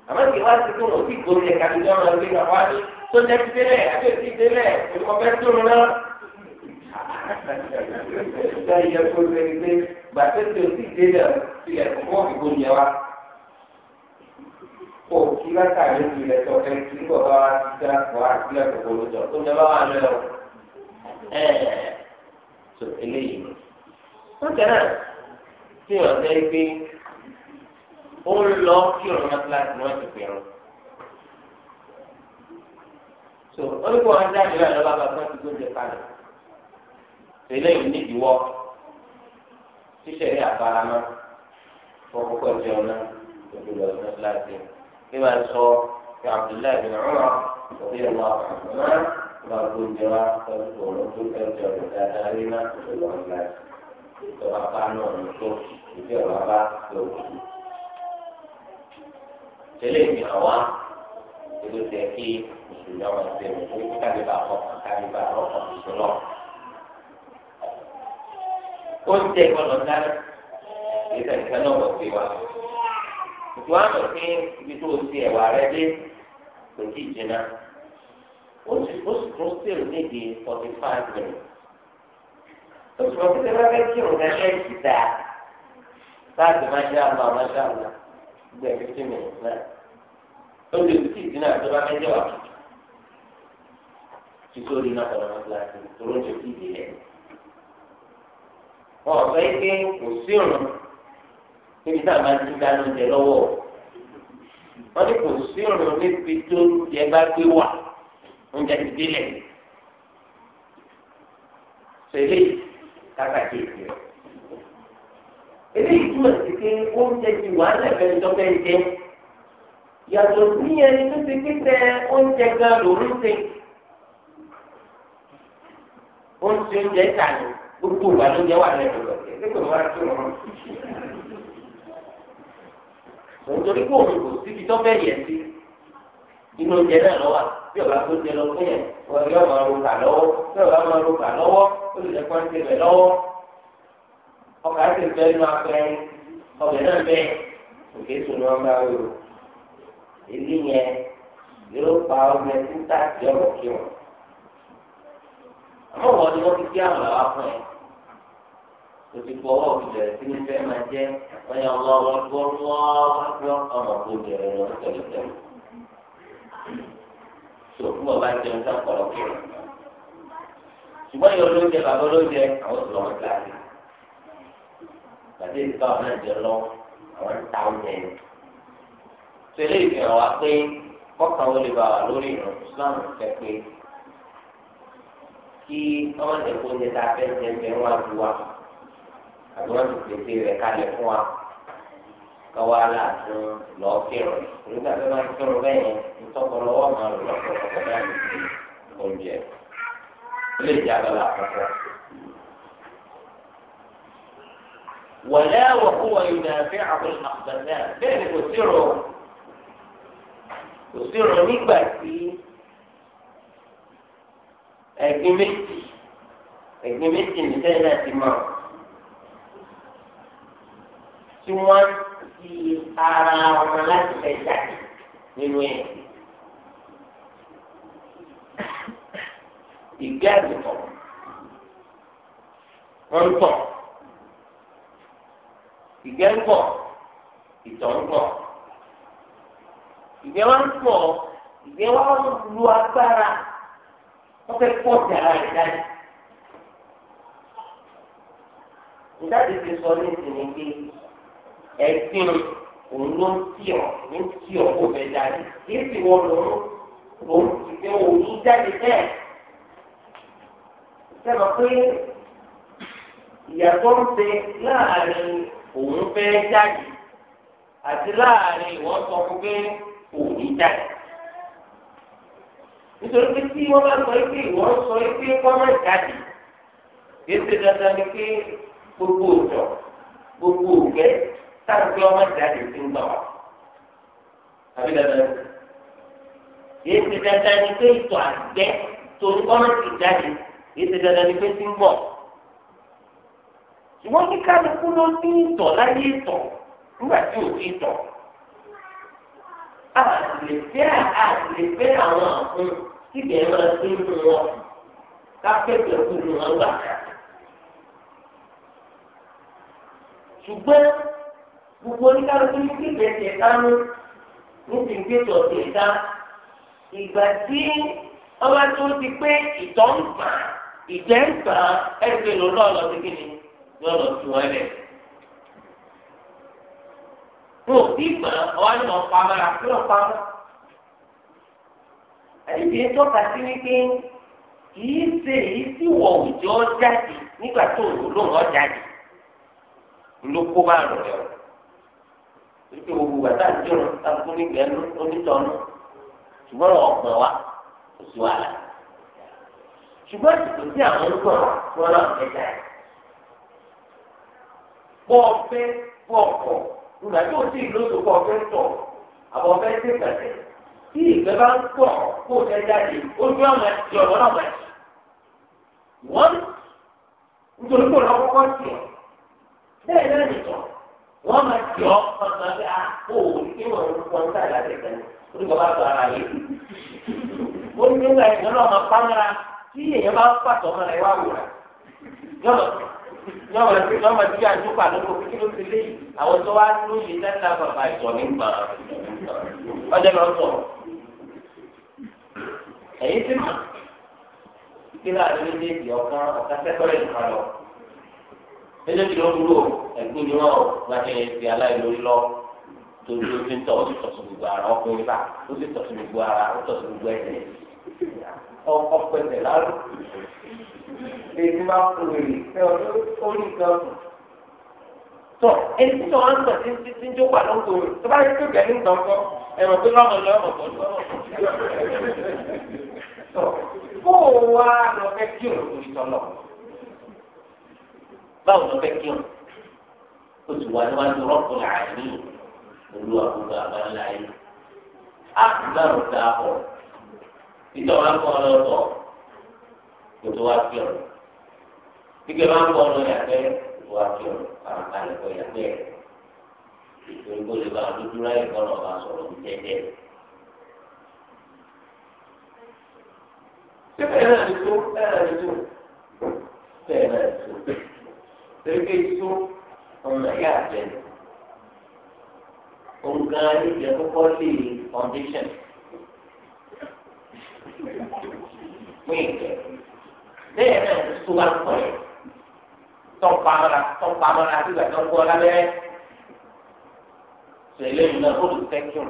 àmọ́ kí wá sí kó lọ sí ìgbóni ẹ̀ka ìjọ náà gbé náà wá ní tó jẹ́ ti délẹ̀ àti èsì délẹ̀ olùkọ́fẹ́ tó rún náà. Ìjọba ìyẹn kó lè gbé gbàtẹ́sì òsì délẹ̀ sí ẹ̀kọ́ fún ìgbóni ẹ̀ wá kó o kí látàrí ìrẹ tó ẹ kí bàbá wa ti dá wà á sílẹ̀ kòkó lójọ tó ní bá wà lọ ẹ tó eléyìí ni. wọ́n tẹ̀lé tí wọ́n tẹ́ pé ó ń lọ kí òun náà kíláàsì náà ti pẹ̀rọ. tó ó ní kó wọn dá ìrẹ lọ́ba bàbá tó ti gbé kalẹ̀. eléyìí ní ìwọ́ ṣíṣe àbáramọ́ fọ́kọ́kọ́ jẹun náà. Gracias ìwà sọ ti Abdullahi bin Umar òbí ọmọ àmọ́ ọba gbòǹdé wa pẹ̀lú ọ̀rọ̀ tó tẹ̀lé ọ̀rọ̀ dáadáa rí náà pẹ̀lú ọ̀la ìjọba bá náà ní tó ìdí ọ̀la bá tó kù. tẹ́lẹ̀ ní àwa ètò tẹ̀ kí mùsùlùmí ọmọ ẹgbẹ́ mi ní kí kábí bá kọ́ kábí bá rọ́ kọ́ tuntun lọ. ó ń tẹ̀ gbọ́dọ̀ dáná ìgbésẹ̀ ìfẹ́ náà wọ̀ sí wa òtù wa mọ̀ pé ibi tó o ti ẹ̀wà rẹ dé kò tí ì jìnnà ó sì ó sì tún sèrò níbi forty five minutes ó sì mọ̀ pé tẹ́lá fẹ́ kí òun ẹgbẹ́ ti dà láti máa ṣe àmọ́ àmọ́ ṣe àmọ́ gbẹ fifteen minutes náà ó lè tí ì jìnnà tó bá mẹ́jọ wà tuntun títorí náà kọ̀ lọ́nà kíláàsì tó ló ń ṣe kí ìdílé wọn ò fẹ́ pé kò sí òun níbi tá a máa ti dáná jẹ lọ́wọ́ wọn ní kò sí ọ̀rọ̀ níbi tó jẹ bá gbé wà oúnjẹ ti délẹ̀ sèlè kàkàkì ìdí rẹ̀ eléyìí túmọ̀ sí pé oúnjẹ ti wà lẹ́fẹ̀ẹ́ ìjọba ẹ̀jẹ̀ yàtọ̀ sí ẹni tó ti kíkẹ́ oúnjẹ gan lòún ṣe oúnjẹ oúnjẹ ìtàn gbogbo ìgbà lóúnjẹ wà lẹ́fẹ̀ẹ́ ìjọba ẹ̀jẹ̀ nítorí pé òun kò síbi tó fẹ́ yẹ sí inú oúnjẹ náà lọ́wọ́ bí ọba tó jẹ lọ fún yẹn wọ́n yọ máa ro kà lọ́wọ́ bí ọba máa ro kà lọ́wọ́ ó lè lẹ́kọ́ ń tẹ̀lé lọ́wọ́ ọkà á fẹ́ nu apẹ́ ọbẹ̀ náà bẹ́ẹ̀ òkè tó ní wọn bá rò èyí yẹn yóò pa ọbẹ̀ títà tí ọ̀rọ̀ kí wọn. àmọ́ wọ́n ni wọ́n ti kí àwọn làwọn fún yẹn òtítọ́ ọwọ́ òkùnjẹ tí ní fẹ́ máa jẹ́ wọ́n yà wọ́n wọ́n gbọ́ wọ́n gbọ́ ọmọ tó jẹrẹ lọ tẹ̀lẹ̀tẹ̀lẹ̀. sòfún ọba jẹun tá kọ̀rọ̀ kí rẹ̀. ṣùgbọ́n yóò ló jẹ bàbá ló jẹ àwọn tó lọ́wọ́ kíláàsì. bàtí ìdíkà wọn náà jẹ lọ àwọn ta oúnjẹ ni. tẹ̀lé ìfihàn wa pé kọ́kàn wọlé bá wà lórí ìrìn fẹ́ pé kí ọmọdé kó àti wọ́n ti pèsè rẹ̀ kalẹ̀ fún wa káwa láàtún lọ́ọ́ kírun nígbà tó bá ń kírun bẹ́ẹ̀ ń tọ́kọ lọ́wọ́ máa lò lọ́kọ̀ọ́kọ́ náà oúnjẹ ilé ìjà lọ làkọ́kọ́. ولا وهو ينافعه المقدمات بẹ́ẹ̀ ni kò sírò kò sírò nígbà tí ẹ̀gbin méjì ẹ̀gbin méjì nìkẹ́ náà ti máa tí wọ́n fi ara ọmọ láti fẹ́ jáde nínú ẹ̀. Ìgbé àgbẹ̀tọ̀ wọ́n ń tọ̀. Ìgbé ń pọ̀, ìtọ̀ ń pọ̀. Ìgbé wá ń pọ̀, ìgbé wá ń lu agbára. Wọ́n fẹ́ pọ̀ jàrá rẹ̀ jáde. Ìjáde ti sọ ní ìsinmi pé ẹ̀sìn òun ló ń tì ọ́ ló ń tì ọ́ kó bẹ́ẹ̀ jáde kí sì wọ́n lọ ló ń tì pé òun ní jáde bẹ́ẹ̀. sẹ́nu pé ìyàtọ̀ ń ṣe láàrin òun fẹ́ jáde àti láàrin ìwọ́n sọ fún pé òun ní jáde. nítorí pé tí wọ́n bá sọ pé ìwọ́n sọ pé wọ́n má jáde kí ṣe dandan ni pé gbogbo òjò gbogbo òkè táwọn pé ọmọ ìdájọ́ ti ń gbà wá àbí dandan yìí ti dandan ni pé ìtọ̀ àgbẹ̀ torí ọmọ ìdájọ́ yìí ti dandan ni pé ti ń bọ̀ ṣùgbọ́n kí kálukú ló ní ìtọ̀ láyé ìtọ̀ nígbà tí ò ti tọ̀ àtìlẹ́fẹ́ àtìlẹ́fẹ́ àwọn àfún síbẹ̀ máa tó nù wọn káfẹ́fẹ́ kú wọn gbà. ṣùgbọ́n gbogbo oníkálukú ní kíkẹ́ tẹ̀ kánú ní ti gbé tọ̀tẹ̀ ká ìgbà tí ọba tó ti pé ìtọ̀ ń gbà ìjẹ́ ń gbà ẹgbẹ́ ló lọ́ọ̀lọ́ sí kí ni lọ́ọ̀lọ́ sí wọn lẹ̀. wọn ò tí gbà ọwọ́ ni wọ́n pa mọ́ra kí wọ́n pa mọ́. àdébí ń tọ́ka sí wípé kìí ṣe èyí tí wọ̀ òjò jáde nígbà tó òun lòun ọ̀ jáde ló kó bá rọ̀ ẹ̀ o ìpè gbogbo bàtà ìjọba takùn ní gẹ̀ẹ́nu onítọ̀nù ṣùgbọ́n ọ̀gbọ̀n wa kò sí wàhálà ṣùgbọ́n ìtò tí àwọn ń gbọ̀n wọn náà kẹta ẹ̀ bọ́ ọ̀fẹ́ bọ́ ọ̀pọ̀ nígbà tí o sì lóṣù kọ́ ọ̀fẹ́ tọ̀ àbọ̀ ọ̀fẹ́ ṣe pẹ̀lẹ́ tí ìgbẹ́ bá ń pọ̀ kó o fẹ́ jáde ojú àwọn ẹ̀sìn ọ̀rọ̀ náà wẹ̀ wọ́n nítorí kò lọ́kọ́kọ́ tiẹ̀ bẹ́ẹ̀ náà nìkan wọ́n máa jọ ọ̀sán bí a kó òun wọ́n ń pọ́n sáà láti ẹ̀kẹ́ ní bàbá tó ara yìí. ó ní nígbà yẹn náà máa pa mọ́ra tí èèyàn bá pàtó ọmọ rẹ̀ wá wùrà. yọ̀mọ̀ sí yọ̀mọ̀ sí àjọ pàdé kò kí ló ti lé àwọn tó wá ní òye dáná bàbá ìtọ̀ nígbà ọjọ́ lọ sọ̀rọ̀. ẹ̀yin ti mọ̀ kí láàrin méjèèjì ọ̀kan ọ̀kan sẹ́kọ̀rẹ́ ìkàlọ̀ méjèèjì ló dúró ẹ̀gbìn ni wọn ò máa ṣe ti aláìlórí lọ torí ó ti ń tọ̀ ó ti tọ̀sùn gbogbo ara ọkùnrin bá ó ti tọ̀sùn gbogbo ara ó tọ̀sùn gbogbo ẹ̀jẹ̀ ọkọ̀ pẹ̀sẹ̀ láró èyí máa kú rèé ẹ ọdún ó ní nǹkan tọ ẹni tí wọn ń tọ̀ tí tí ń jó wà lóko rẹ tó bá yẹ kó bẹ̀rẹ̀ ní nǹkan kọ́ ẹ̀rọ tó lọ́mọ lọ́mọ tó lọ́mọ báwo ló fẹ́ kí wọn ó ti wà níwájú rọ́pò làálí olú àbúrò àbáńlá yìí á gbàrú dàpọ̀ ìjọba ń kọ́ ọ lọ́tọ̀ kò tó wá kí ọ gbígbé máa ń kọ́ ọ lọ yàgbẹ́ kò wá kí ọ àràkàlẹ̀ kọ yàgbẹ́ ìgbòho lè ba dúdú ráyè kọ́ ọ sọ̀rọ̀ ní jẹ́jẹ́. síbẹ̀ náà ni tó bẹ́ẹ̀ náà ni tó bẹ́ẹ̀ náà ni tó pépé tó ọmọ ẹ̀yà jẹ nǹkan ìjẹ kọ́kọ́ lè foundation fún ìjẹ bẹ́ẹ̀ náà tó wá pọ̀ ẹ̀ tọ́pamọ́ra tọ́pamọ́ra tí gbàgbọ́ ń gbọ́ lábẹ́rẹ́ sẹ̀lẹ̀ ìlú náà ó lè tẹ́kùn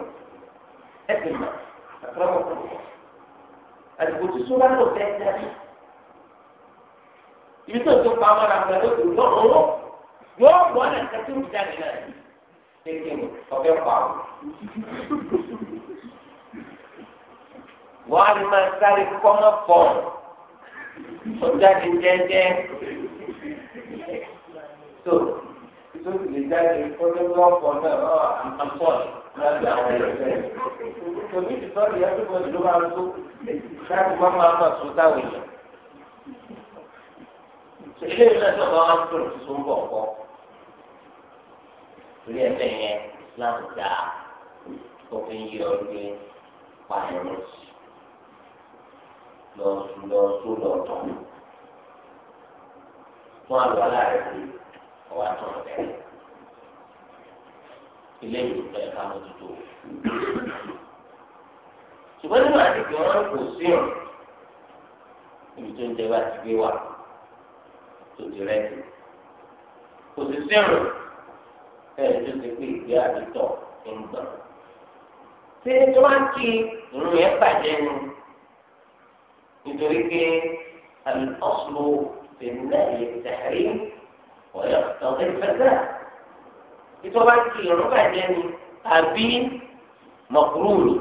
ẹ̀ ti mọ̀ àtúrọ̀mọ̀ kọ̀ọ̀kan àdìgbò tó sọ́wọ́ lò tẹ́kùn ibi tó tó pa ọmọ náà lọ sí lọ owó yóò wọ ọ̀nà kẹtí ó jáde náà kéèké ọ̀bẹ pa ọ̀. wọ́n á ní máa sáré kọ́ mọ́ pọ̀ ó jáde jẹ́jẹ́ tó tó sì lè jáde kọ́jọ́ lọ́pọ̀ náà ọ̀ àǹfààní láti àwọn ẹ̀rẹ́ tòmí ti sọ́ọ̀rì yẹn tó bọ̀ ló máa ń tó láti wọ́n máa ń mọ̀ yẹn ilé iná tó bá wọn tó lòtú tó ń bọ̀ kọ́ torí ẹgbẹ́ yẹn islam dá òfin yí ọdún pààyàn lọ sùn lọ sùn lọ tọ̀ fún àlọ́ aláàrẹ̀ sí ọ̀wá tó ń bẹ̀rẹ̀ ilé ìwé ẹ̀ka mọ́tò ṣùgbọ́n nínú àdìgbò wọn kò sí ọ̀rọ̀ ibi tó ń jẹ bá ti gbé wà. tòlè rẹ ti kò sì sírò ẹ tó ti pé ìgbé àbítọ̀ ń gbà ṣé tó bá ń kí irun yẹn bàjẹ́ ni nítorí pé àmì ọ̀ṣun ti الأصل في النهي التحريم ويقتضي الفساد ètò ọba ti ìrún bàjẹ́ ni àbí mọ̀kúrú ni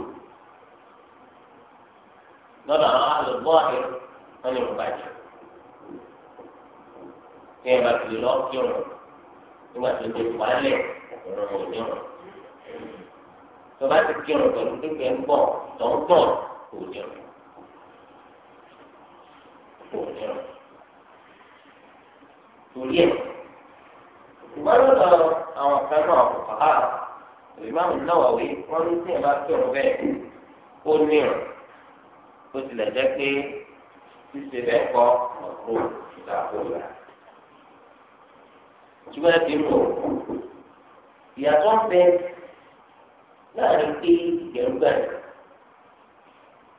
lọ́dọ̀ àwọn àlùbọ́ọ̀lù wọn ni wọ́n bàjẹ́. kí ẹ máa fi lọ kí ọ̀rọ̀ nígbà tó ti palẹ̀ ọ̀rọ̀ ò ní ọ̀rọ̀ tó bá ti kí ọ̀rọ̀ pẹ̀lú pípẹ́ ń bọ̀ tó ń bọ̀ kò ní ọ̀rọ̀ torí ẹ̀ ìgbà lọ́dọ̀ àwọn kan náà kò kà á ìmáàmù Nawawi wọ́n ní tí ẹ bá kí ọ̀rọ̀ bẹ́ẹ̀ ó ní ọ̀rọ̀ ó tilẹ̀ jẹ́ pé ṣíṣe bẹ́ẹ̀ kọ́ ọ̀rọ̀ ìdàkúrò rẹ̀ ṣùgbọ́n ẹ fi rò ìyàtọ̀ ń bẹ láàrin pé ìgbẹ́rùgbà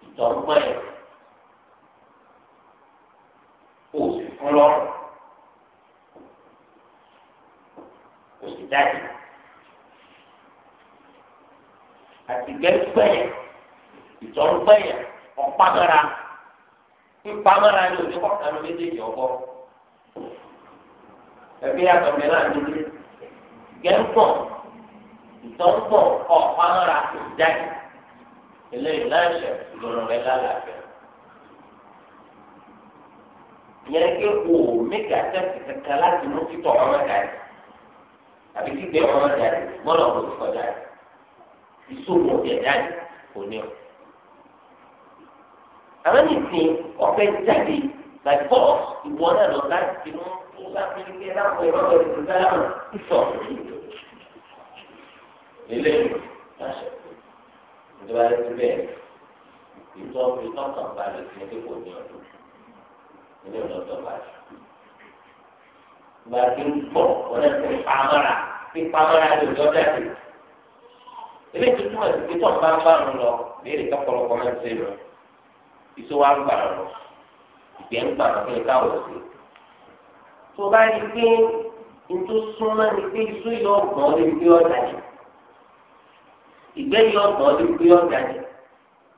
ìtọ̀gbọ́n ẹ̀ kò sì fún lọ́rùn kò sì dájú àtìgbẹ́rùgbà ẹ̀ ìtọ̀gbọ́n ẹ̀ ọ̀pamọ́ra pípamọ́ra ni òní kọ̀ọ̀kan ló méjèèjì ọ̀bọ ẹgbẹ́ yàtọ̀ bẹ́ẹ̀ náà ní ilé gẹ́ńpọ̀ ìtọ́pọ̀ ọ̀pánára ìjáde eléyìí láṣẹ ìlọrin rẹ lálàáfẹ́ yẹn ké wò méjì àtẹ́sí kankan láti mú títọ̀ ọmọ jáde àbí kíkẹ́ ọmọ jáde gbọ́dọ̀ kò tó kọjá ìṣòwò ọ̀jẹ̀ jáde kò ní o àwọn ènìyàn ọ̀fẹ́ jáde like bọ́ọ̀sì ìwọ náà lọ láti mú eléyìí láṣẹ ìjọba rẹ ti bẹ́ẹ̀ ìtọ́ ìtọ́kàn balẹ̀ sí ẹni kò ní ọdún ilé ìtọ́kàn balẹ̀ gbàgbé ń bọ̀ wọlé ti pamọ́ra ti pamọ́ra ní ọjọ́ jáde ilé tuntun ẹ̀ ti tọ̀ bá ń bá ń lọ léèrè kọ́kọ́rọ́ kọ́ máa ń ṣe lọ ìṣó wa ń gbà lọ ìgbẹ́ ń gbà lọ kí n káwọ̀ sí i tó bá rí pé nítorí súnmọ́ ni pé iṣu yọ ọ̀gbọ́n lè gbé ọjà jù ìgbẹ́ yọ ọ̀gbọ́n lè gbé ọjà jù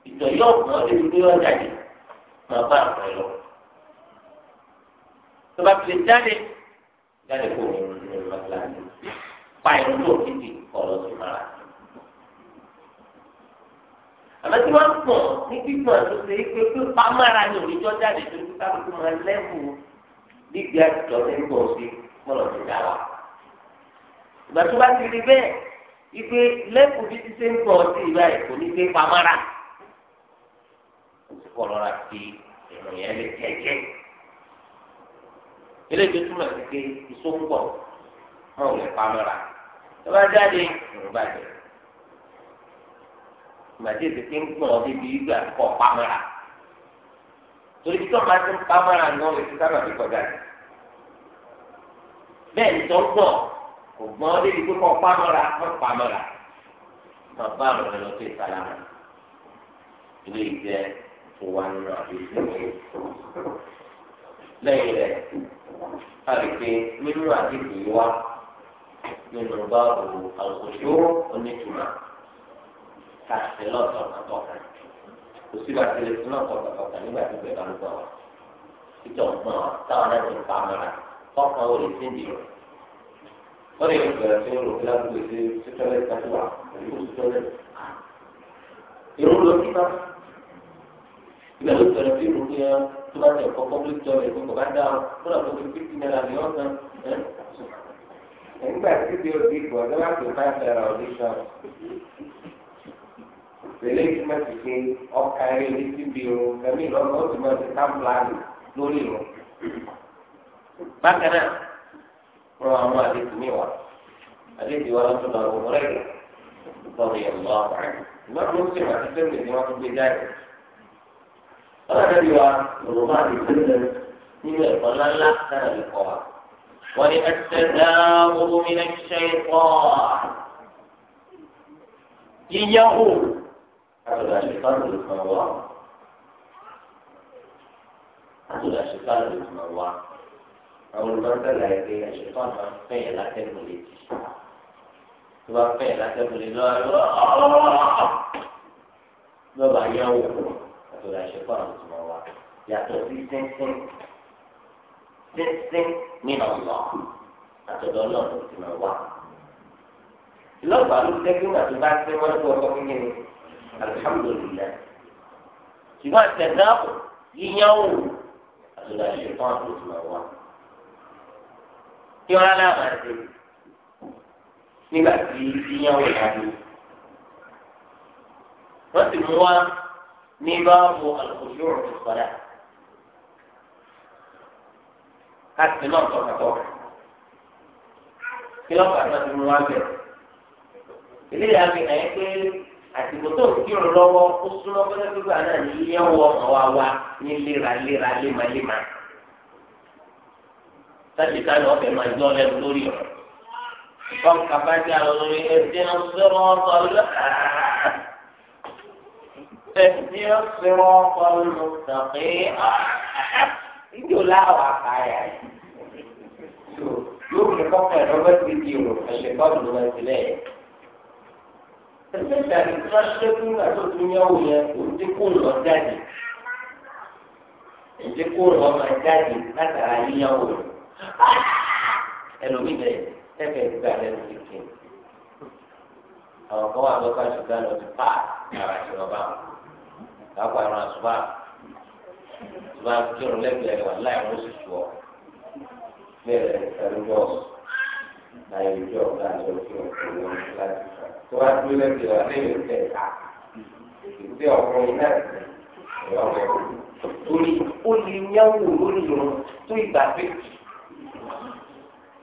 ìtọ̀ yọ ọ̀gbọ́n lè gbé ọjà jù máa bá àwọn lọ. tó bá tilẹ̀ jáde jáde kó o ní mọ́tíláàdì pa ìlú òkìtì ọ̀rọ̀ sí mara. àmọ́ tí wọ́n pọ̀ ní pípọ̀ tó ṣe é pé pípa mára ni òrìjọ́ jáde tó ti sábà tó máa lẹ́bùn ìgbé àtijọ́ ti ń bọ̀ sí mọ́lọ̀ ti dá wa. ìgbà tó bá ti rí bẹ́ẹ̀ ìgbé lẹ́kùn bí ti ṣe ń bọ̀ sí ìgbà ẹ̀ kò ní gbé pamọ́ra. ó ti kọ́ lọ́ra fi ìròyìn ẹni kẹ̀kẹ́. eléyìí tó túmọ̀ sí pé iṣó ń bọ̀ mọ́ òun pamọ́ra. tó bá jáde ìrùn bàjẹ́. ìgbà tí èsì pé ń gbọ̀ bíbi ìgbà kọ̀ pamọ́ra. torí tí tó máa ti ń pamọ́ra ni wọ́n lè fi sábà fi kọjá sí bẹ́ẹ̀ ni tó ń pọ̀ kò gbọ́n débi pé kọ́ pamọ́ra kọ́ pamọ́ra máa bá àwọn ẹ̀rọ ìsàlámà ilé ìjẹ tó wà nínú àdéhùn rẹ̀ lẹ́yìn rẹ̀ a lè nínú àdéhùn yìí nínú báwo àwòṣó onítùmọ̀ kàṣẹ lọ́tọ̀ àtọ̀kàn kò sí bàtẹ́lẹ̀ sí lọ́tọ̀ àtọ̀kàn nígbà tó bẹ̀rẹ̀ bá ń gbọ́ wa táwọn náà pamọ́ra ọkàn ò lè sí ìdìbò wọ́n lè bẹ̀rẹ̀ sí rò bí láti lè ṣe sísọ́lẹ̀ kásíwà pẹ̀lú sísọ́lẹ̀. irú ló ti bá ìgbà ló bẹ̀rẹ̀ sí rò bí ẹran tó bá tẹ̀ kọ́ public job ẹ̀kọ́ kò bá dá ọ fún àwọn tó fi ti náírà ní ọ̀sán. nígbà tí bí o ti bọ̀ ọ̀dọ́ láti bá ẹ̀rọ audition tẹ̀lé ìtumọ̀ pé ọkà ẹ̀rí ti bí o kẹ́mi ìlọ́gbọ́n ti mọ̀ ti ká lórí rẹ̀. bákan náà wọn àwọn adé mi wà àdéhùn wa lọ́tún lọ wọ́n rẹ̀ lọ́rọ̀ yẹn lọ́wọ́ àbáyé ìmọ̀ tó ń sèwà tó tẹ̀lé ni wọ́n tún gbé jáde. wọ́n rẹ̀ bí wa lotun lo wọlé máa yen lọ àwọn imo nínú ẹ̀kọ́ ńláńlá náà lè kọ́ wa. wọ́n ní ẹsẹ̀ dáa owó mi náà ṣe é pọ̀ yíyáwó àtúndà ṣèkáàlù ló fún wa àtúndà ṣèkáàlù ló fún wa. àwọn olùmọ̀ọ́sẹ̀ láì pé àṣetọ́ àmà ń fẹ́ yẹn látẹ́nu létí tó bá fẹ́ yẹn látẹ́nu létí lọ́wọ́ lọ́ba yẹn wò àtọ̀dọ̀ àṣetọ́ àmà tó máa wà yàtọ̀ sí sínsín sínsín nínú ọ̀nà àtọ̀dọ̀ ọlọ́run tó máa wà. ìlọ́gbàá ló dẹ́gbẹ́ wọn àti bá ṣe wọ́n tó ọkọ̀ kékeré alihamudulilayi ṣùgbọ́n àtẹ̀dá yíyan wò àtọ̀dọ̀ àṣetọ́ àmà tó máa wà kí wọn náà máa ṣe nígbà tí ìyàwó ìyàwó wọn sì mú wa ní báwo àlùkòṣe òrùn tó sọdá káàkiri náà tọkàtọ kí wọn kà náà ti mú wa bẹ ilé ìyá mi àyẹ pé àtìkò tó ń kírun lọ́wọ́ ó súnmọ́ pẹlẹpẹlẹ náà ní yíyẹwò ọmọ wa wa ní léraléra lémaléma. Lera, láti ká lọ fẹ́ máa jọ lẹ́nu lórí ọ̀rọ̀. Ìfọ̀n kàfá ti àlọ́ lórí ẹ̀sìn ọ̀sẹ̀rọ̀ ọ̀sọ̀rọ̀ ẹ̀sìn ọ̀sẹ̀rọ̀ ọ̀sọ̀rọ̀ ṣàpé ìjò láwà káyà yìí. Yóò fi kọ́kọ́ ẹ̀rọ bẹ́ẹ̀ ti di òrò ẹ̀lẹ́ bọ́ọ̀lù lọ́wọ́ ìpínlẹ̀ yẹn. Ẹgbẹ́ ìdàgbé tí wọ́n ṣe fún ìgbà tó tún yẹ̀wò yẹn kò dín kó lọ jáde. Ìdínkù lọ máa jáde látara yíyáwó rẹ̀. ẹlòmíì bẹ́ẹ̀ ẹ̀fẹ̀ gba lẹ́nu kékeré àwọn kan wà lọ́kọ̀ àṣùgbọ́n lọ sí pa ara ìṣòro bá wọn kápá ẹran àṣùbà àṣùbà kírun lẹ́gbẹ̀ẹ́ wà láì wọ́n sì sùọ́ bẹ́ẹ̀ ẹ̀rú bọ́ọ̀sì láyé ìjọ ọ̀gá àjọ kírun kò wọ́n láti sùn tó bá dúró lẹ́gbẹ̀ẹ́ wà lẹ́yìn ìtẹ̀ ẹ̀ka ìgbé ọkùnrin náà ẹ̀rọ ọ̀gá torí ó lè yáwó lórí ìrún tó ìgbà pé kì í.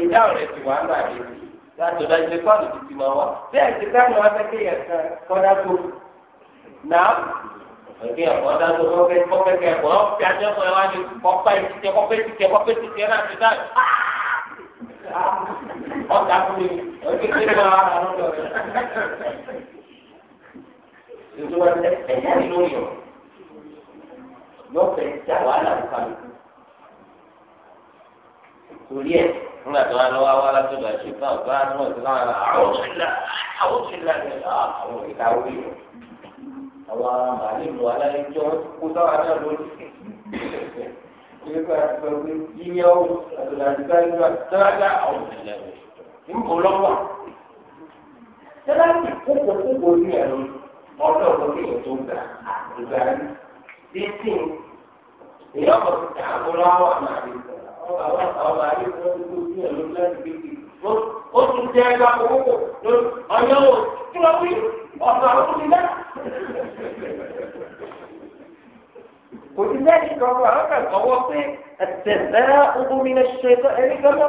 ìdáhùn rẹ̀ ti wà ń bà yìí láti ọ̀dà ìṣe fáàlù ti ti máa wá. bẹ́ẹ̀ ti ká àwọn akẹ́kẹ̀ẹ́ kan kọ́dá tó náà ẹgbẹ́ ẹ̀kọ́ dájú ọ̀fẹ́ kọ́kẹ́kẹ́ ẹ̀kọ́ ọ̀fẹ́ ajẹ́kọ̀ ẹ̀ wá ní kọ́pá ìtìkẹ́ kọ́pẹ́ ìtìkẹ́ kọ́pẹ́ ìtìkẹ́ náà ti dá ọ̀tá fún mi ọ̀kẹ́ kí ló wà lọ́dọ̀ rẹ̀. ìṣòwò ẹ̀yà ìlú yọ̀ yóò já wàhálà kálukú torí ẹ̀ nígbà tó wà lọ́wọ́ wá látọ̀dọ̀ àṣẹ fún àwọn bá wọn ti láwọn àwọn òṣèlú àwọn òṣèlú àwọn òṣèlú àwọn òṣèlú àwọn màálùú aláyé tí wọn kó sáwọn náà lórí ìgbà tó ń yíyá ó àtọ̀làdìgbà ìgbà tó wà dá àwọn òṣèlú ń bọ̀ lọ́wọ́ tẹ́lá ti kókó kókó ní ẹ̀rọ ọ̀dọ́ ọ̀dọ́ kí títí èèyàn kò tó káàbọ̀ lọ́wọ́ àmà àdìsọ̀ ọba wa ọba àdìsọ̀ ló ti kú sí ẹ̀rọ láti gbèsè ó tún jẹ́ ẹgbẹ́ àkókò lórí ọ̀yọ́ wò kí wọ́n wí ọ̀sán àwọn òbí náà. kò sí lẹ́yìn kan fún àwọn kan sọ́wọ́ pé ẹ̀tẹ̀fẹ́ ogun mi lè ṣe ẹni kan náà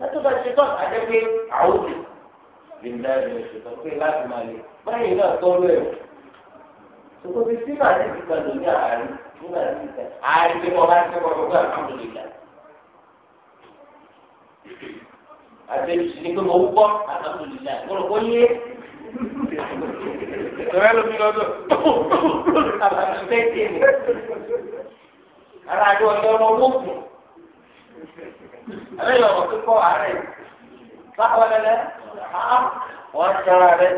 látọ̀dọ̀ ṣe tọ́ àjẹpé àwọn òbí lè dá ẹ̀rọ ṣètò pé láti máa lè báyìí náà tọ́lú ẹ̀rọ. Sọ̀tọ̀ bí sílà ní ìgbà lórí àárín nígbà tí ìgbà àárín tí wọ́n bá ń tẹ́wọ́ gbogbo àkàndò lè dà. Àtẹ̀jù ni pé mo ń gbọ́ àkàndò lè dà. Mo rò pé yé. Ìjọba ló fi lọ́dọ̀. Àbàtì bẹ́ẹ̀ ni. Ara àjọ ọ̀dọ́ ọmọ owó kù. Àlẹ́ yọ̀ ọ̀ tó kọ́ àárẹ̀. Báwo lẹ́lẹ́? Wọ́n ń ara rẹ̀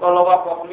lọ́lọ́wọ́ pọ̀ fún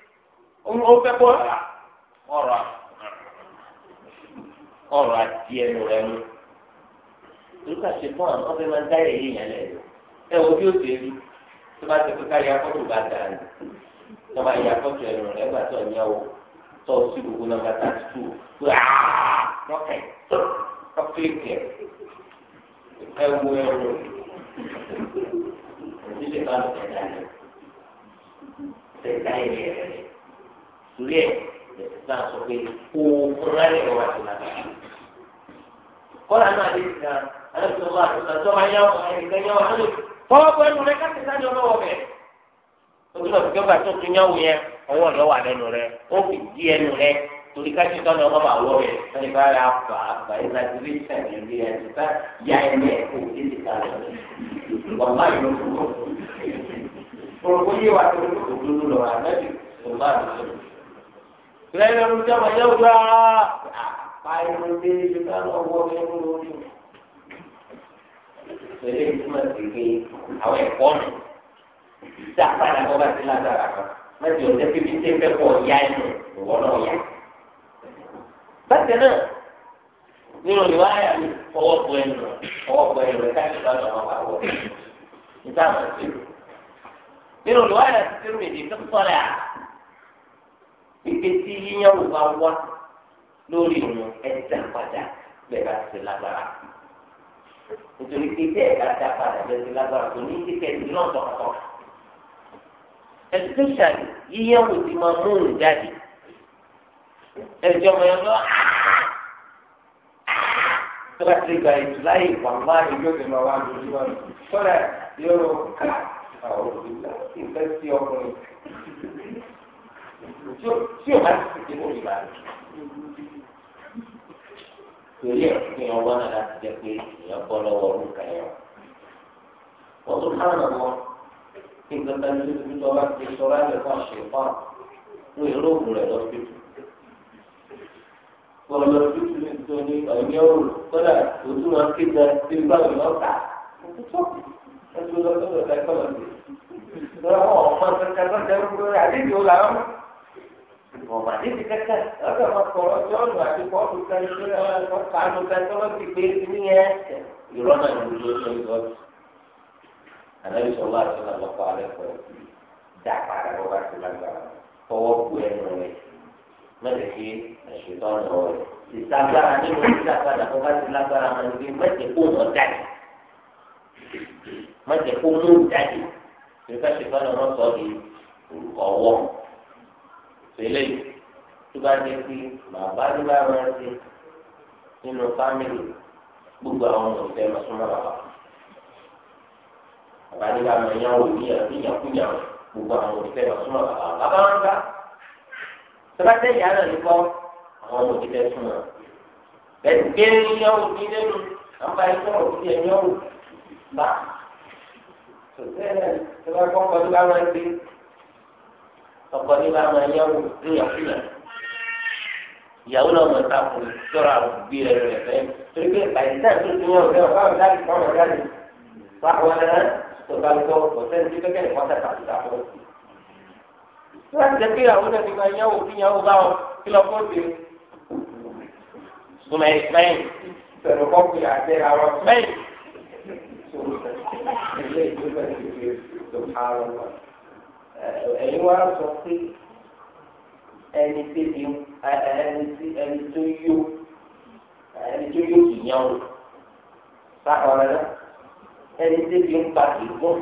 ó fẹ́ kó rà ah, ọ̀rọ̀ ọ̀rọ̀ àti ẹnu rẹ mú nígbà tí bọ́ọ̀n ọbẹ̀ máa ń dá èyí yẹn lẹ́nu ẹ wo bí ó ṣe rí tó bá ti pípa ya fọ́tò bá dà ní tó bá ya fọ́tò ẹnu rẹ gbà tó ọ̀nyá o tó o sì gbogbo nọ́mbà ah, tàbí tó aaa lọ́kẹ̀ tó ọ̀fíìkẹ̀ ẹ wo ẹnu òṣìṣẹ́ bá lọ́kẹ̀ dání ṣe dá èyí rẹ torí ẹ̀ ìsìlá sọ pé òun rẹ̀ lè wá sí lára kọ́lá náà lè ṣe àlejò wa àtúntò wa yá wọn ẹnìkan yá wọn lórí fọwọ́ bọ́ ẹnu rẹ káṣí sáyẹn ọlọ́wọ́ bẹ̀ ojú náà fi kẹ́kọ̀ọ́ tó tún yáwó yẹn ọwọ́ ọ̀lọ́wọ́ àdẹnu rẹ ó fi di ẹnu rẹ torí káṣí tọ́nà ọmọ bá wọ rẹ ẹni bá rà fà fà ẹ̀ láti rí sẹ́yìn ìlú yẹn ti bá yá ẹni ẹ̀ kó o ti ká lọ wọn má yọ fún un. òròkó yé wa tó lóko tó lọ àná lẹ́yìn lọ́dún tí wọ́n yẹ ara pariwo dé ibi ká lọ wọ ọmọ ẹgbẹ́ lórí. Ìṣẹ̀lẹ̀ sí pé àwọn ẹ̀kọ́ nù. Ìṣe àpáyà bọ́ bá ti lágbára kan. Mẹ́tì ọ̀jẹ́ bíbí ṣe fẹ́ pọ̀ ya ẹnu ìwọ náà yá. Bákan náà, nínú ìwà àyà mi, ọwọ́ bọ ẹnu, ọwọ́ bọ ẹnu ẹ̀ká ti bá lọ́wọ́ wọ̀. Ìṣe wípé tí yíyan ò bá wá lórí ìrùn ẹ̀dá padà bẹ́ẹ̀ bá ti lágbára nítorí pé tẹ́ ẹ̀dá dá padà bẹ́ẹ̀ ti lágbára kò ní kíkẹ́ ẹ̀dí náà tọ̀kọ̀tọ̀ especially yíyan ò ti máa mú òun jáde ẹ̀jọ̀ mọ̀ ẹ̀ lọ́ tó ti gba ìtura yìí wà ìjọ tẹ lọ wá lórí wọn sọ́dà yóò ká àwọn òbí náà ìfẹ́ sí ọkùnrin tí o bá ti ti mú ìgbà rẹ torí ẹ kí ẹ wọ́n náà láti jẹ pé èèyàn bọ́ lọ́wọ́ ọdún kan wọ́n tún máa nà wọ́n kí n gbọ́dọ̀ ní ibi tó bá ti sọ láti fún àṣepọ̀ fún ìrógùn rẹ̀ lọ́sibítù wọ́n lọ sí ìtúntò ní ọ̀yẹ́ òòlù kọ́dà òtún wọn kí n gbọ́dọ̀ sí ìgbà wọn lọ́ta ẹ̀sùn lọ́sọ̀rọ̀ ẹ̀kọ́ lọ́sẹ̀ lọ́wọ́ ọ̀pọ̀ kẹkẹ lọ́sẹ̀ ń gbé ìmọ̀ọ́mà níbi kẹ́kẹ́ ọ̀dọ̀ máa kọ̀rọ̀ ọjọ́ ọ̀nà àti kọ́ọ̀tù kan ṣe ọ̀kanu eh, kan tó ti gbé ní ẹ̀ ìrọ́ náà ní ojú ọjọ́ ìjọ ànábi sọ̀rọ̀ láti náà lọ́kọ̀ alẹ́ pẹ̀ dá padà bọ́ bá ti lágbára fọwọ́ bu ẹnu rẹ̀ mẹ́rin kí ẹ̀ṣẹ̀tọ́ ọ̀nà rẹ̀ ìsagbára nínú ìdá padà bọ́ bá ti lágbára máa ń gbé mẹ́tẹ̀ kó mọ̀ dáì mẹ́tẹ̀ kó mú dáì ìfẹ́ ṣètọ́ ọ̀nà rẹ̀ sọ tẹ́lẹ̀ tó bá dé sí bàbá tó bá rán sí nínú fámìlì gbogbo àwọn ọmọ ìfẹ́ lọ súnmọ́ bàbá bàbá tó bá rán yàn wò ní àti yàkúnyà gbogbo àwọn ọmọ ìfẹ́ lọ súnmọ́ bàbá bàbá wọn gbà tọ́bátẹ́ ìyá náà ní kọ́ àwọn ọmọ ìfẹ́ súnmọ́ bẹ́ẹ̀ gbé yàn wò ní lẹ́nu àwọn bá yẹ òkú yẹn yàn wò bá tòtẹ́lẹ̀ tó bá kọ́ kọ́ ọkọ ní bá máa yẹwò níyàkúyà ìyàwó náà mọ̀ ta kù lọ́rọ̀ àbùgbé rẹ̀ rẹ̀ fẹ́ torí pé àìsí àti ìdúró rẹ̀ ọ̀gá ọ̀gá ti kọ́ ọ̀gá ni wà wọ́n náà tó bá gbọ́ ọ̀sẹ̀ ní kékeré kọ́ tẹ̀ tàbí tàbí tàbí. láti jẹ́ pé ìyàwó náà ti máa yẹwò kí ìyàwó bá wọn kí lọ fún òbí. Sùmọ̀ ìsmẹ́yìn sọ̀rọ̀ kọ́kù àti àwọn ìsmẹ́yìn ẹ̀yin wá sọ pé ẹni tẹ́bi ẹni tí ẹni tó yó ẹni tó yó ìyàn o sáwọn ẹ̀rọ ẹni tẹ́bi ń pa kì í gùn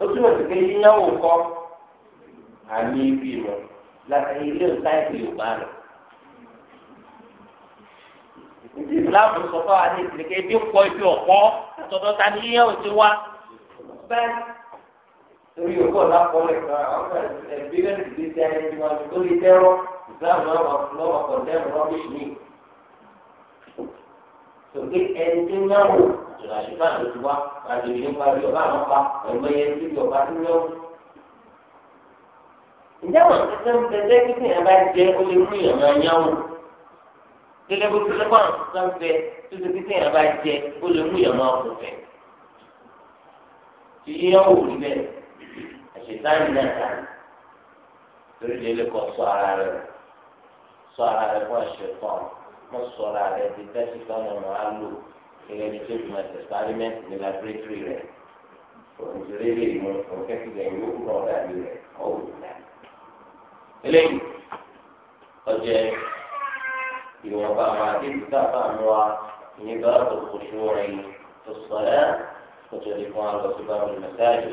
ó túmọ̀ sí pé yíyàn wò kọ́ àmì ibi rẹ̀ láti ilé ìta ìpè yorùbá rẹ̀ ìsìláàmù sọ fún wa ní ìsìnkè ebi ń pọ̀ ibi ọ̀pọ̀ àtọ̀dọ̀ ni yíyàn ò ti wá bẹ́ẹ̀ torí òkò lápọ̀lẹ̀ kan àwọn ẹbí rẹ̀ ti di ẹni tí wọ́n tó lè tẹ́rọ ìsìláàmù náà lọ́wọ́ kọ̀ dẹ́rù rọ́bìṣì mi. Sòkè ẹni tí ń yáwó ìrìnàjò náà ló ti wá àjò yìí nípa bí ọba àwọn pa ẹgbẹ́ yẹn tí ọba ti yọ. Ǹjẹ́ wọ́n ti sẹ́ ń tẹ́tẹ́ kí èèyàn bá jẹ́ ó lè mú èèyàn máa yáwó? Gẹ́gẹ́ bó ti lẹ́kọ̀ọ́ àwọn sọ́sọ́ ń fẹ́ tó ti kí èèyàn bá jẹ́ ó lè mú èèyàn máa kù fẹ́. Ìyáwó rí bẹ́ẹ̀ ṣètàn mẹ́ta lórí ilé kọ sọ ara rẹ sọ ara rẹ fún ẹ̀ṣẹ̀ kan mo sọ ara rẹ di tẹsí kan ọmọ á lò gẹ́gẹ́ bí tó fi máa ṣe pálímẹǹtì ní laboratory rẹ òǹtẹ̀rẹ́ lè mú òǹkẹ́kì rẹ yóò kúrò dàbí rẹ ọ̀hún ìgbà. eléyìí ọjẹ ìwọ̀nba àwọn àdébí káfà mú wa ní bá òkú ṣúwọ́ rẹ yìí tó sọ̀rọ̀ tó tó lè fún wa lọ sí bá òun mẹ́tẹ́ẹ̀jì.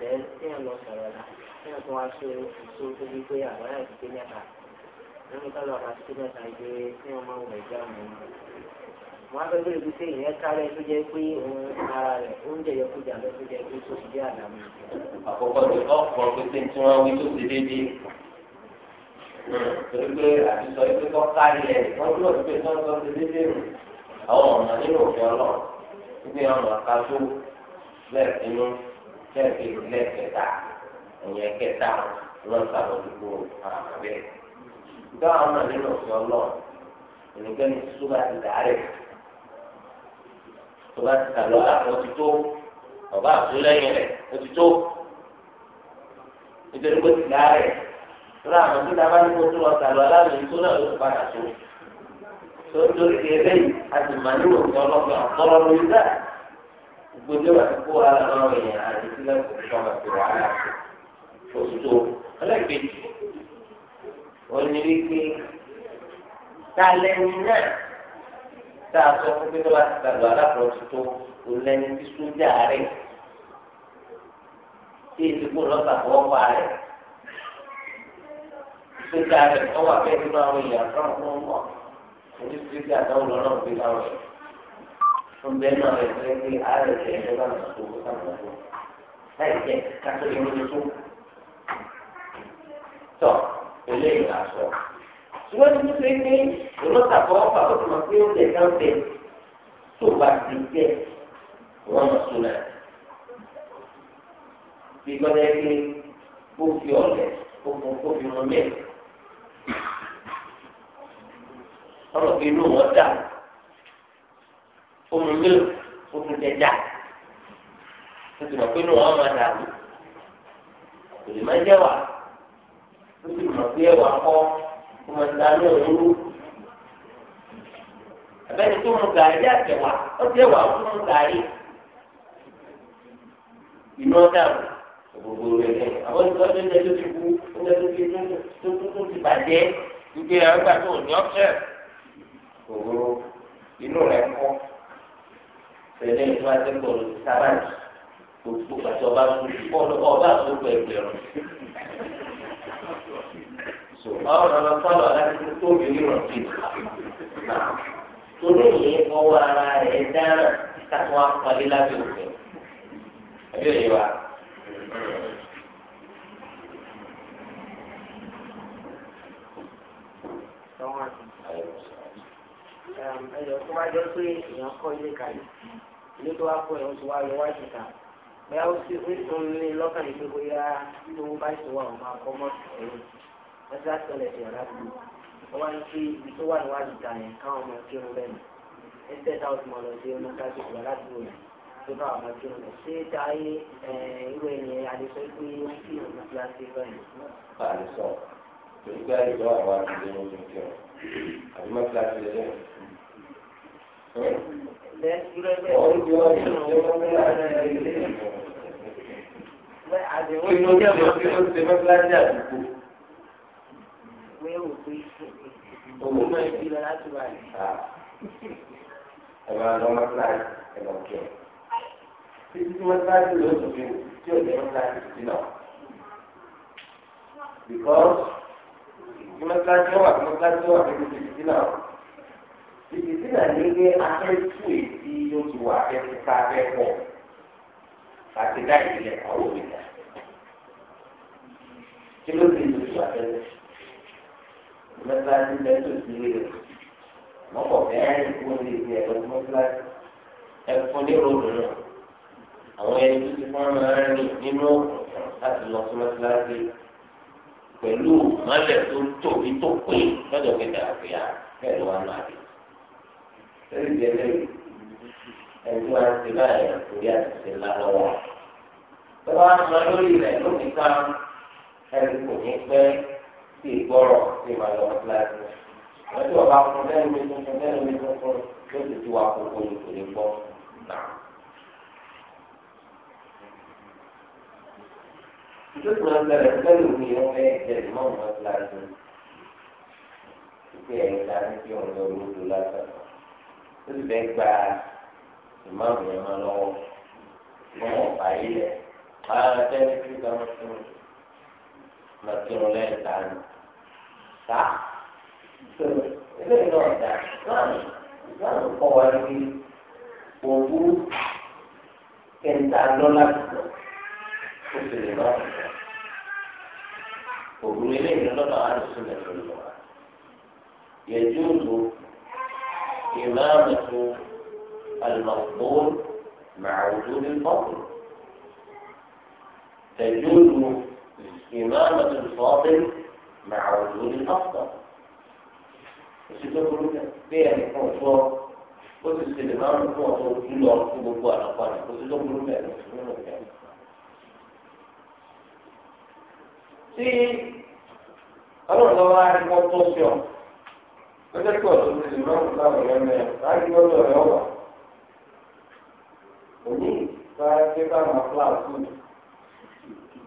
bẹ́ẹ̀ tí ẹ̀ lọ sọ̀rọ̀ la tí ẹ̀ tún wá ṣe èso tó bí pé àbáyà ti pé mẹ́ta lórí kálọ̀ àti pé mẹ́ta ìgbé tí wọ́n máa ń wẹ̀ já mọ́ ọ́n. wọ́n á fẹ́ bẹ́ẹ̀ wípé ìyẹn kárẹ́ tó jẹ́ pé òun ara rẹ̀ oúnjẹ yẹ kújà lọ tó jẹ́ pé tó ti jẹ́ àdàmú. àkọ́kọ́ ti ọ̀pọ̀ pété tí wọ́n wí tó ti dédé torí pé àtisọ ìpè kọ́ kárí ẹ̀ wọ́n tó kẹ́ẹ̀kì ìrùlẹ̀ kẹta ìyẹn kẹta wọn sàbọ̀dúgbò àwọn abẹ́. ìgbà àwọn náà nínú òfin ọlọ́run ìnìkẹ́ni tó bá ti dàárẹ̀ tó bá ti tà lọ́la ó ti tó ọba àtúlẹ́yìn rẹ̀ ó ti tó nítorí pé ti dàárẹ̀ lọ́la àwọn tó dábàá ní kó tó lọ tà lọ́la lórí náà ló ti padà tó. tó ń torí ti eléyìí a sì máa nínú òfin ọlọ́run gbogbo ìjọba ti kó ara máa wẹ̀ yẹn àti sílẹ̀ kò tó máa ti wàhálà oṣù tó ọlẹ́gbẹ̀jì òní wípé talẹ́ni náà tá a sọ fún pé tó bá ti gbàgbọ́ aláàbọ̀ oṣù tó òlẹ́ni tí sójà rẹ̀ tí èsì kò lọ́sà fọwọ́ pa rẹ̀ sójà rẹ̀ ọwọ́ abẹ́rẹ́ máa wẹ̀ yẹn fún ọmọ oníṣẹ́ sójà náà lọ́nà láwọn yẹn fún bẹ́ẹ̀ náà rẹ̀ fẹ́ pé ààrẹ rẹ̀ ẹ̀rọ bá nà tó kọ́tà nà tó láì jẹ́ kátó ìwé tuntun. tọ́ ilé ìlà sọ. ṣùgbọ́n ní wípé pé ìrọ́ta fọwọ́ pàtó tó máa pé ó lè kán bẹ́ẹ̀ tó bá ti jẹ́ wọ́n mọ̀ sún náà. bí gbọ́dọ̀ pé ó fi ọ̀lẹ̀ ó fi mọ mẹ́rin. ọ̀rọ̀ inú wọn dáa omi mílò oṣù jẹjà o ti mọ̀ pé inú wọn máa dàbí kò lè má jẹ́ wà o ti mọ̀ pé ẹwà kọ́ o máa da ní òwúrú abẹ́ni tó mu gàrí àtẹ̀wà ó ti ẹ̀wà ó mu gàrí inú ọ̀dà gbogbo rẹ̀ lẹ́yìn àwọn ìtọ́jú ẹ̀jẹ̀ tó ti kú ẹ̀jẹ̀ tó ti tó tó tó ti bàjẹ́ gbígbé tó ní ọ̀fẹ́ gbogbo inú rẹ̀ kọ́ pẹ̀lẹ́ ìtura tí kò sábàjì gbogbo pàtó ọba kúrò ọba gbogbo ẹgbẹ̀rún. ọ̀rọ̀ lọ sọ́dọ̀ láti tó mi nírọ̀ sí i. torí yìí ọwọ́ ara rẹ̀ dára táwọn akọ́lé lábẹ́ òfin. ẹbí òye wa. Ẹ̀yọ̀ tó bá pé èèyàn kọ́ ilé kalẹ̀ ló tó wá kó ẹ̀ oṣù wa lọ wájú ká bẹ́ẹ̀ ó sì ń tún ní lọ́kàn yìí pé bóyá tó bá ṣe wà ó máa kọ́ mọ́ ẹ̀yìn wọ́n ti láti tọ́lẹ̀ ṣe àrà gbé wọ́n wá ń fi ibi tó wà níwájú ká yẹn káwọn ọmọ kírun lẹ́nu ẹgbẹ́ táwọn ti mọ̀ lọ sí ọmọ ká ṣe àrà gbé rẹ̀ tó bá ọmọ kírun lẹ̀ ṣé táyé irú ẹ̀yìn àdìsọ pé ó ń kírun ní kíláàsì báyìí. àdìsọ torí pé àdìsọ àwọn Ìlú jẹ́ mọ̀ sí oṣù Mẹ́fìlájà àdúgbò. Wẹ́wò pé òun máa ń fi lọ láti wà ní. Ẹ̀rọ àlọ́ Mẹ́fìlájà ẹ̀rọ kẹ̀. Títí tí Mẹ́fìlájà ló sùn fún tí ò jẹ́ Mẹ́fìlájà ibi tí náà ní ní afẹ́tù èyí yóò ti wà afẹ́tù ká afẹ́pọ̀ àti dá ìpìlẹ̀ àwọn òmìnira kí ló dé ìlú ìwà tẹ́lẹ̀ mẹ́tíláṣí mẹ́tò sí ilé rẹ̀ mọ́kọ̀ bẹ́ẹ̀ kó lè di ẹ̀rọ mẹ́tíláṣí ẹ̀fọ́ ní ròdù náà àwọn ẹni tó ti fọ́n máa ń rìn nínú láti lọ sí mẹ́tíláṣí pẹ̀lú mọ́lẹ̀ tó tóbi tó pé lọ́jọ́ kẹta àfihàn bẹ́ẹ̀ ló wà náà dé lórí ìdílé ẹ̀dùn àti báyìí àtòrí àtìsí ńlá lọ́wọ́. Bàbá wa máa lórí rẹ̀ lónìí kan ẹni kò ní pẹ́ sí ìgbọ́rọ̀ sí ìmọ̀ lọ́wọ́ kíláàsì. Wọ́n ti wà bá fún lẹ́nu mi tuntun lẹ́nu mi tuntun yóò ti ti wà kókó ní kò ní gbọ́ náà. Ìjọba máa ń bẹ̀rẹ̀ pẹ̀lú mi wọ́n fẹ́ ìjẹ́rìí mọ́ kíláàsì. Ìgbé ẹ̀yìn ta ní kí ọ̀nà olódò lásán ó sì gba ìmáàmù yẹn máa lọ́wọ́ fún ọ̀pá ilẹ̀ máa fẹ́ ní kí fún un máa wọn lẹ́yìn dànù tá ilé náà dà láàmú láàmú kọ́ wa ní owó kẹta lọ́la tó ó sì lè máa fún un òwúrọ̀ ilé ìlú lọ́dọ̀ àdùsùn lẹ́yìn lọ́wọ́ yẹ jù ú lò. إمامة المفضول مع وجود الفضل تجوز إمامة الفاضل مع وجود الأفضل وش تقولون بيع الفضل وش الاستلمام الفضل كله أرسل بقوة الأفضل وش تقولون بيع الفضل Sí, alors on va une encontrar. lọ́jọ́ pé ọ̀tún ti lọ́wọ́ láwọn ọ̀rẹ́ mẹ́rin láti lọ́dọ̀ ọ̀rẹ́ ọ̀wà. òní bá ṣe bá máa fúláàfù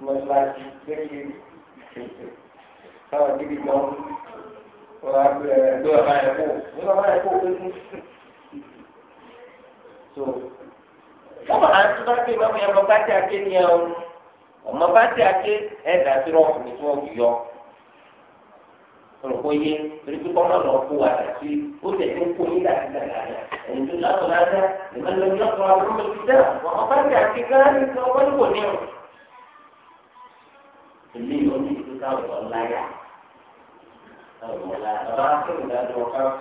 mọ́ṣáláṣí lékè táwọn gidi gan wọ́n á pè é ẹgbẹ́ ọ̀rá ẹ̀kọ́ nínú ọ̀rá ẹ̀kọ́ pé kú. wọ́n máa ń tún bá pé ìmọ̀ mi ọmọ bá ti àké ni ẹ̀ ọmọ bá ti àké ẹ̀ dà sí rọ́ọ̀kì tí wọ́n yọ ọ̀rọ̀kọ torí pé kọ́nà lọ kó ó tẹ̀ tó kó yín láti dàgbà rẹ̀ ẹ̀yìn tó lọ́kọ̀ láti ẹ̀mẹ́ lọ ní ọkọ̀ àwọn ọmọ ti dá wọn ti àti gáárì tí wọn bá ní ní o. èmi ò ní ìlú táwọn ọláyà táwọn ọláyà bàbá fún ìdájọ́ ọ̀ká ń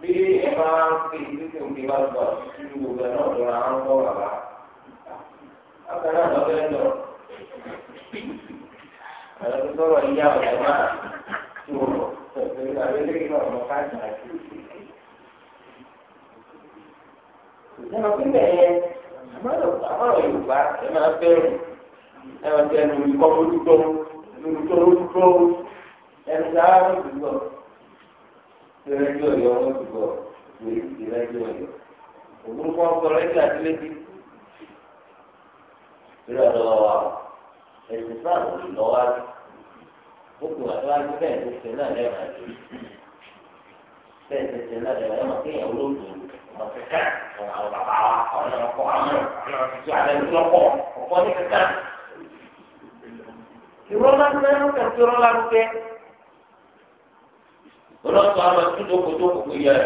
pè é títí òkè bá gbogbo náà lọ́ra á ń bọ̀ àlọ́ sọ̀rọ̀ yíyá máa tó tẹ̀lé àbẹ́lẹ́ ìgbà ọ̀nà káàkiri àti ìsìnkú. ìjọba pípẹ́ yẹn àmọ́ Yorùbá ẹ máa bẹ̀rù ẹ máa bẹ̀rù ikọ́ olùgbọ́ olùgbọ́ olùgbọ́ ẹnu sáà olùgbọ́ ìrẹ́jọ yọ olùgbọ́ ìrẹ́jọ yọ òwúrọ̀ kọ́ ọ̀rẹ́jọ àti lẹ́jì. ìrẹ́jọ wà wà ẹ̀sìn islam kò lọ wá sí gbogbo àtúwájú bẹ́ẹ̀ tó ṣe náà lẹ́ẹ̀ma ṣe bẹ́ẹ̀ tó ṣe náà lẹ́ẹ̀ma ẹ̀ma kéèyàn olóògbé ọmọ kẹkẹ ọmọ àwọn bàbá wa ọmọ ọkọ àwọn ọmọ tuntun àtẹnu lọkọ ọkọ ní kẹkẹ. ìrọ̀ lásán ló kẹ́ sí ìrọ̀ lárúkẹ́ olóòtú àwọn tó dókòó dókòó yẹ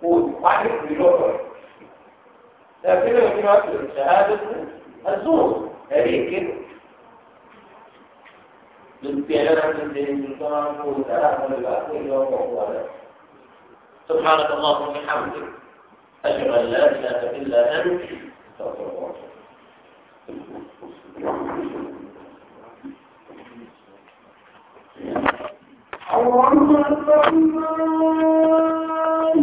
kó o wá ní ìlú lọ́kọ̀ọ́. ẹ̀fílẹ̀ òfin wa tó ṣe àádọ́sùn. الزور هذه كده بالتعلم بالإنسان والتعلم بالأخير والمعوالة سبحانك اللهم وبحمدك أشهد أن لا إله إلا أنت أستغفرك الله أكبر الله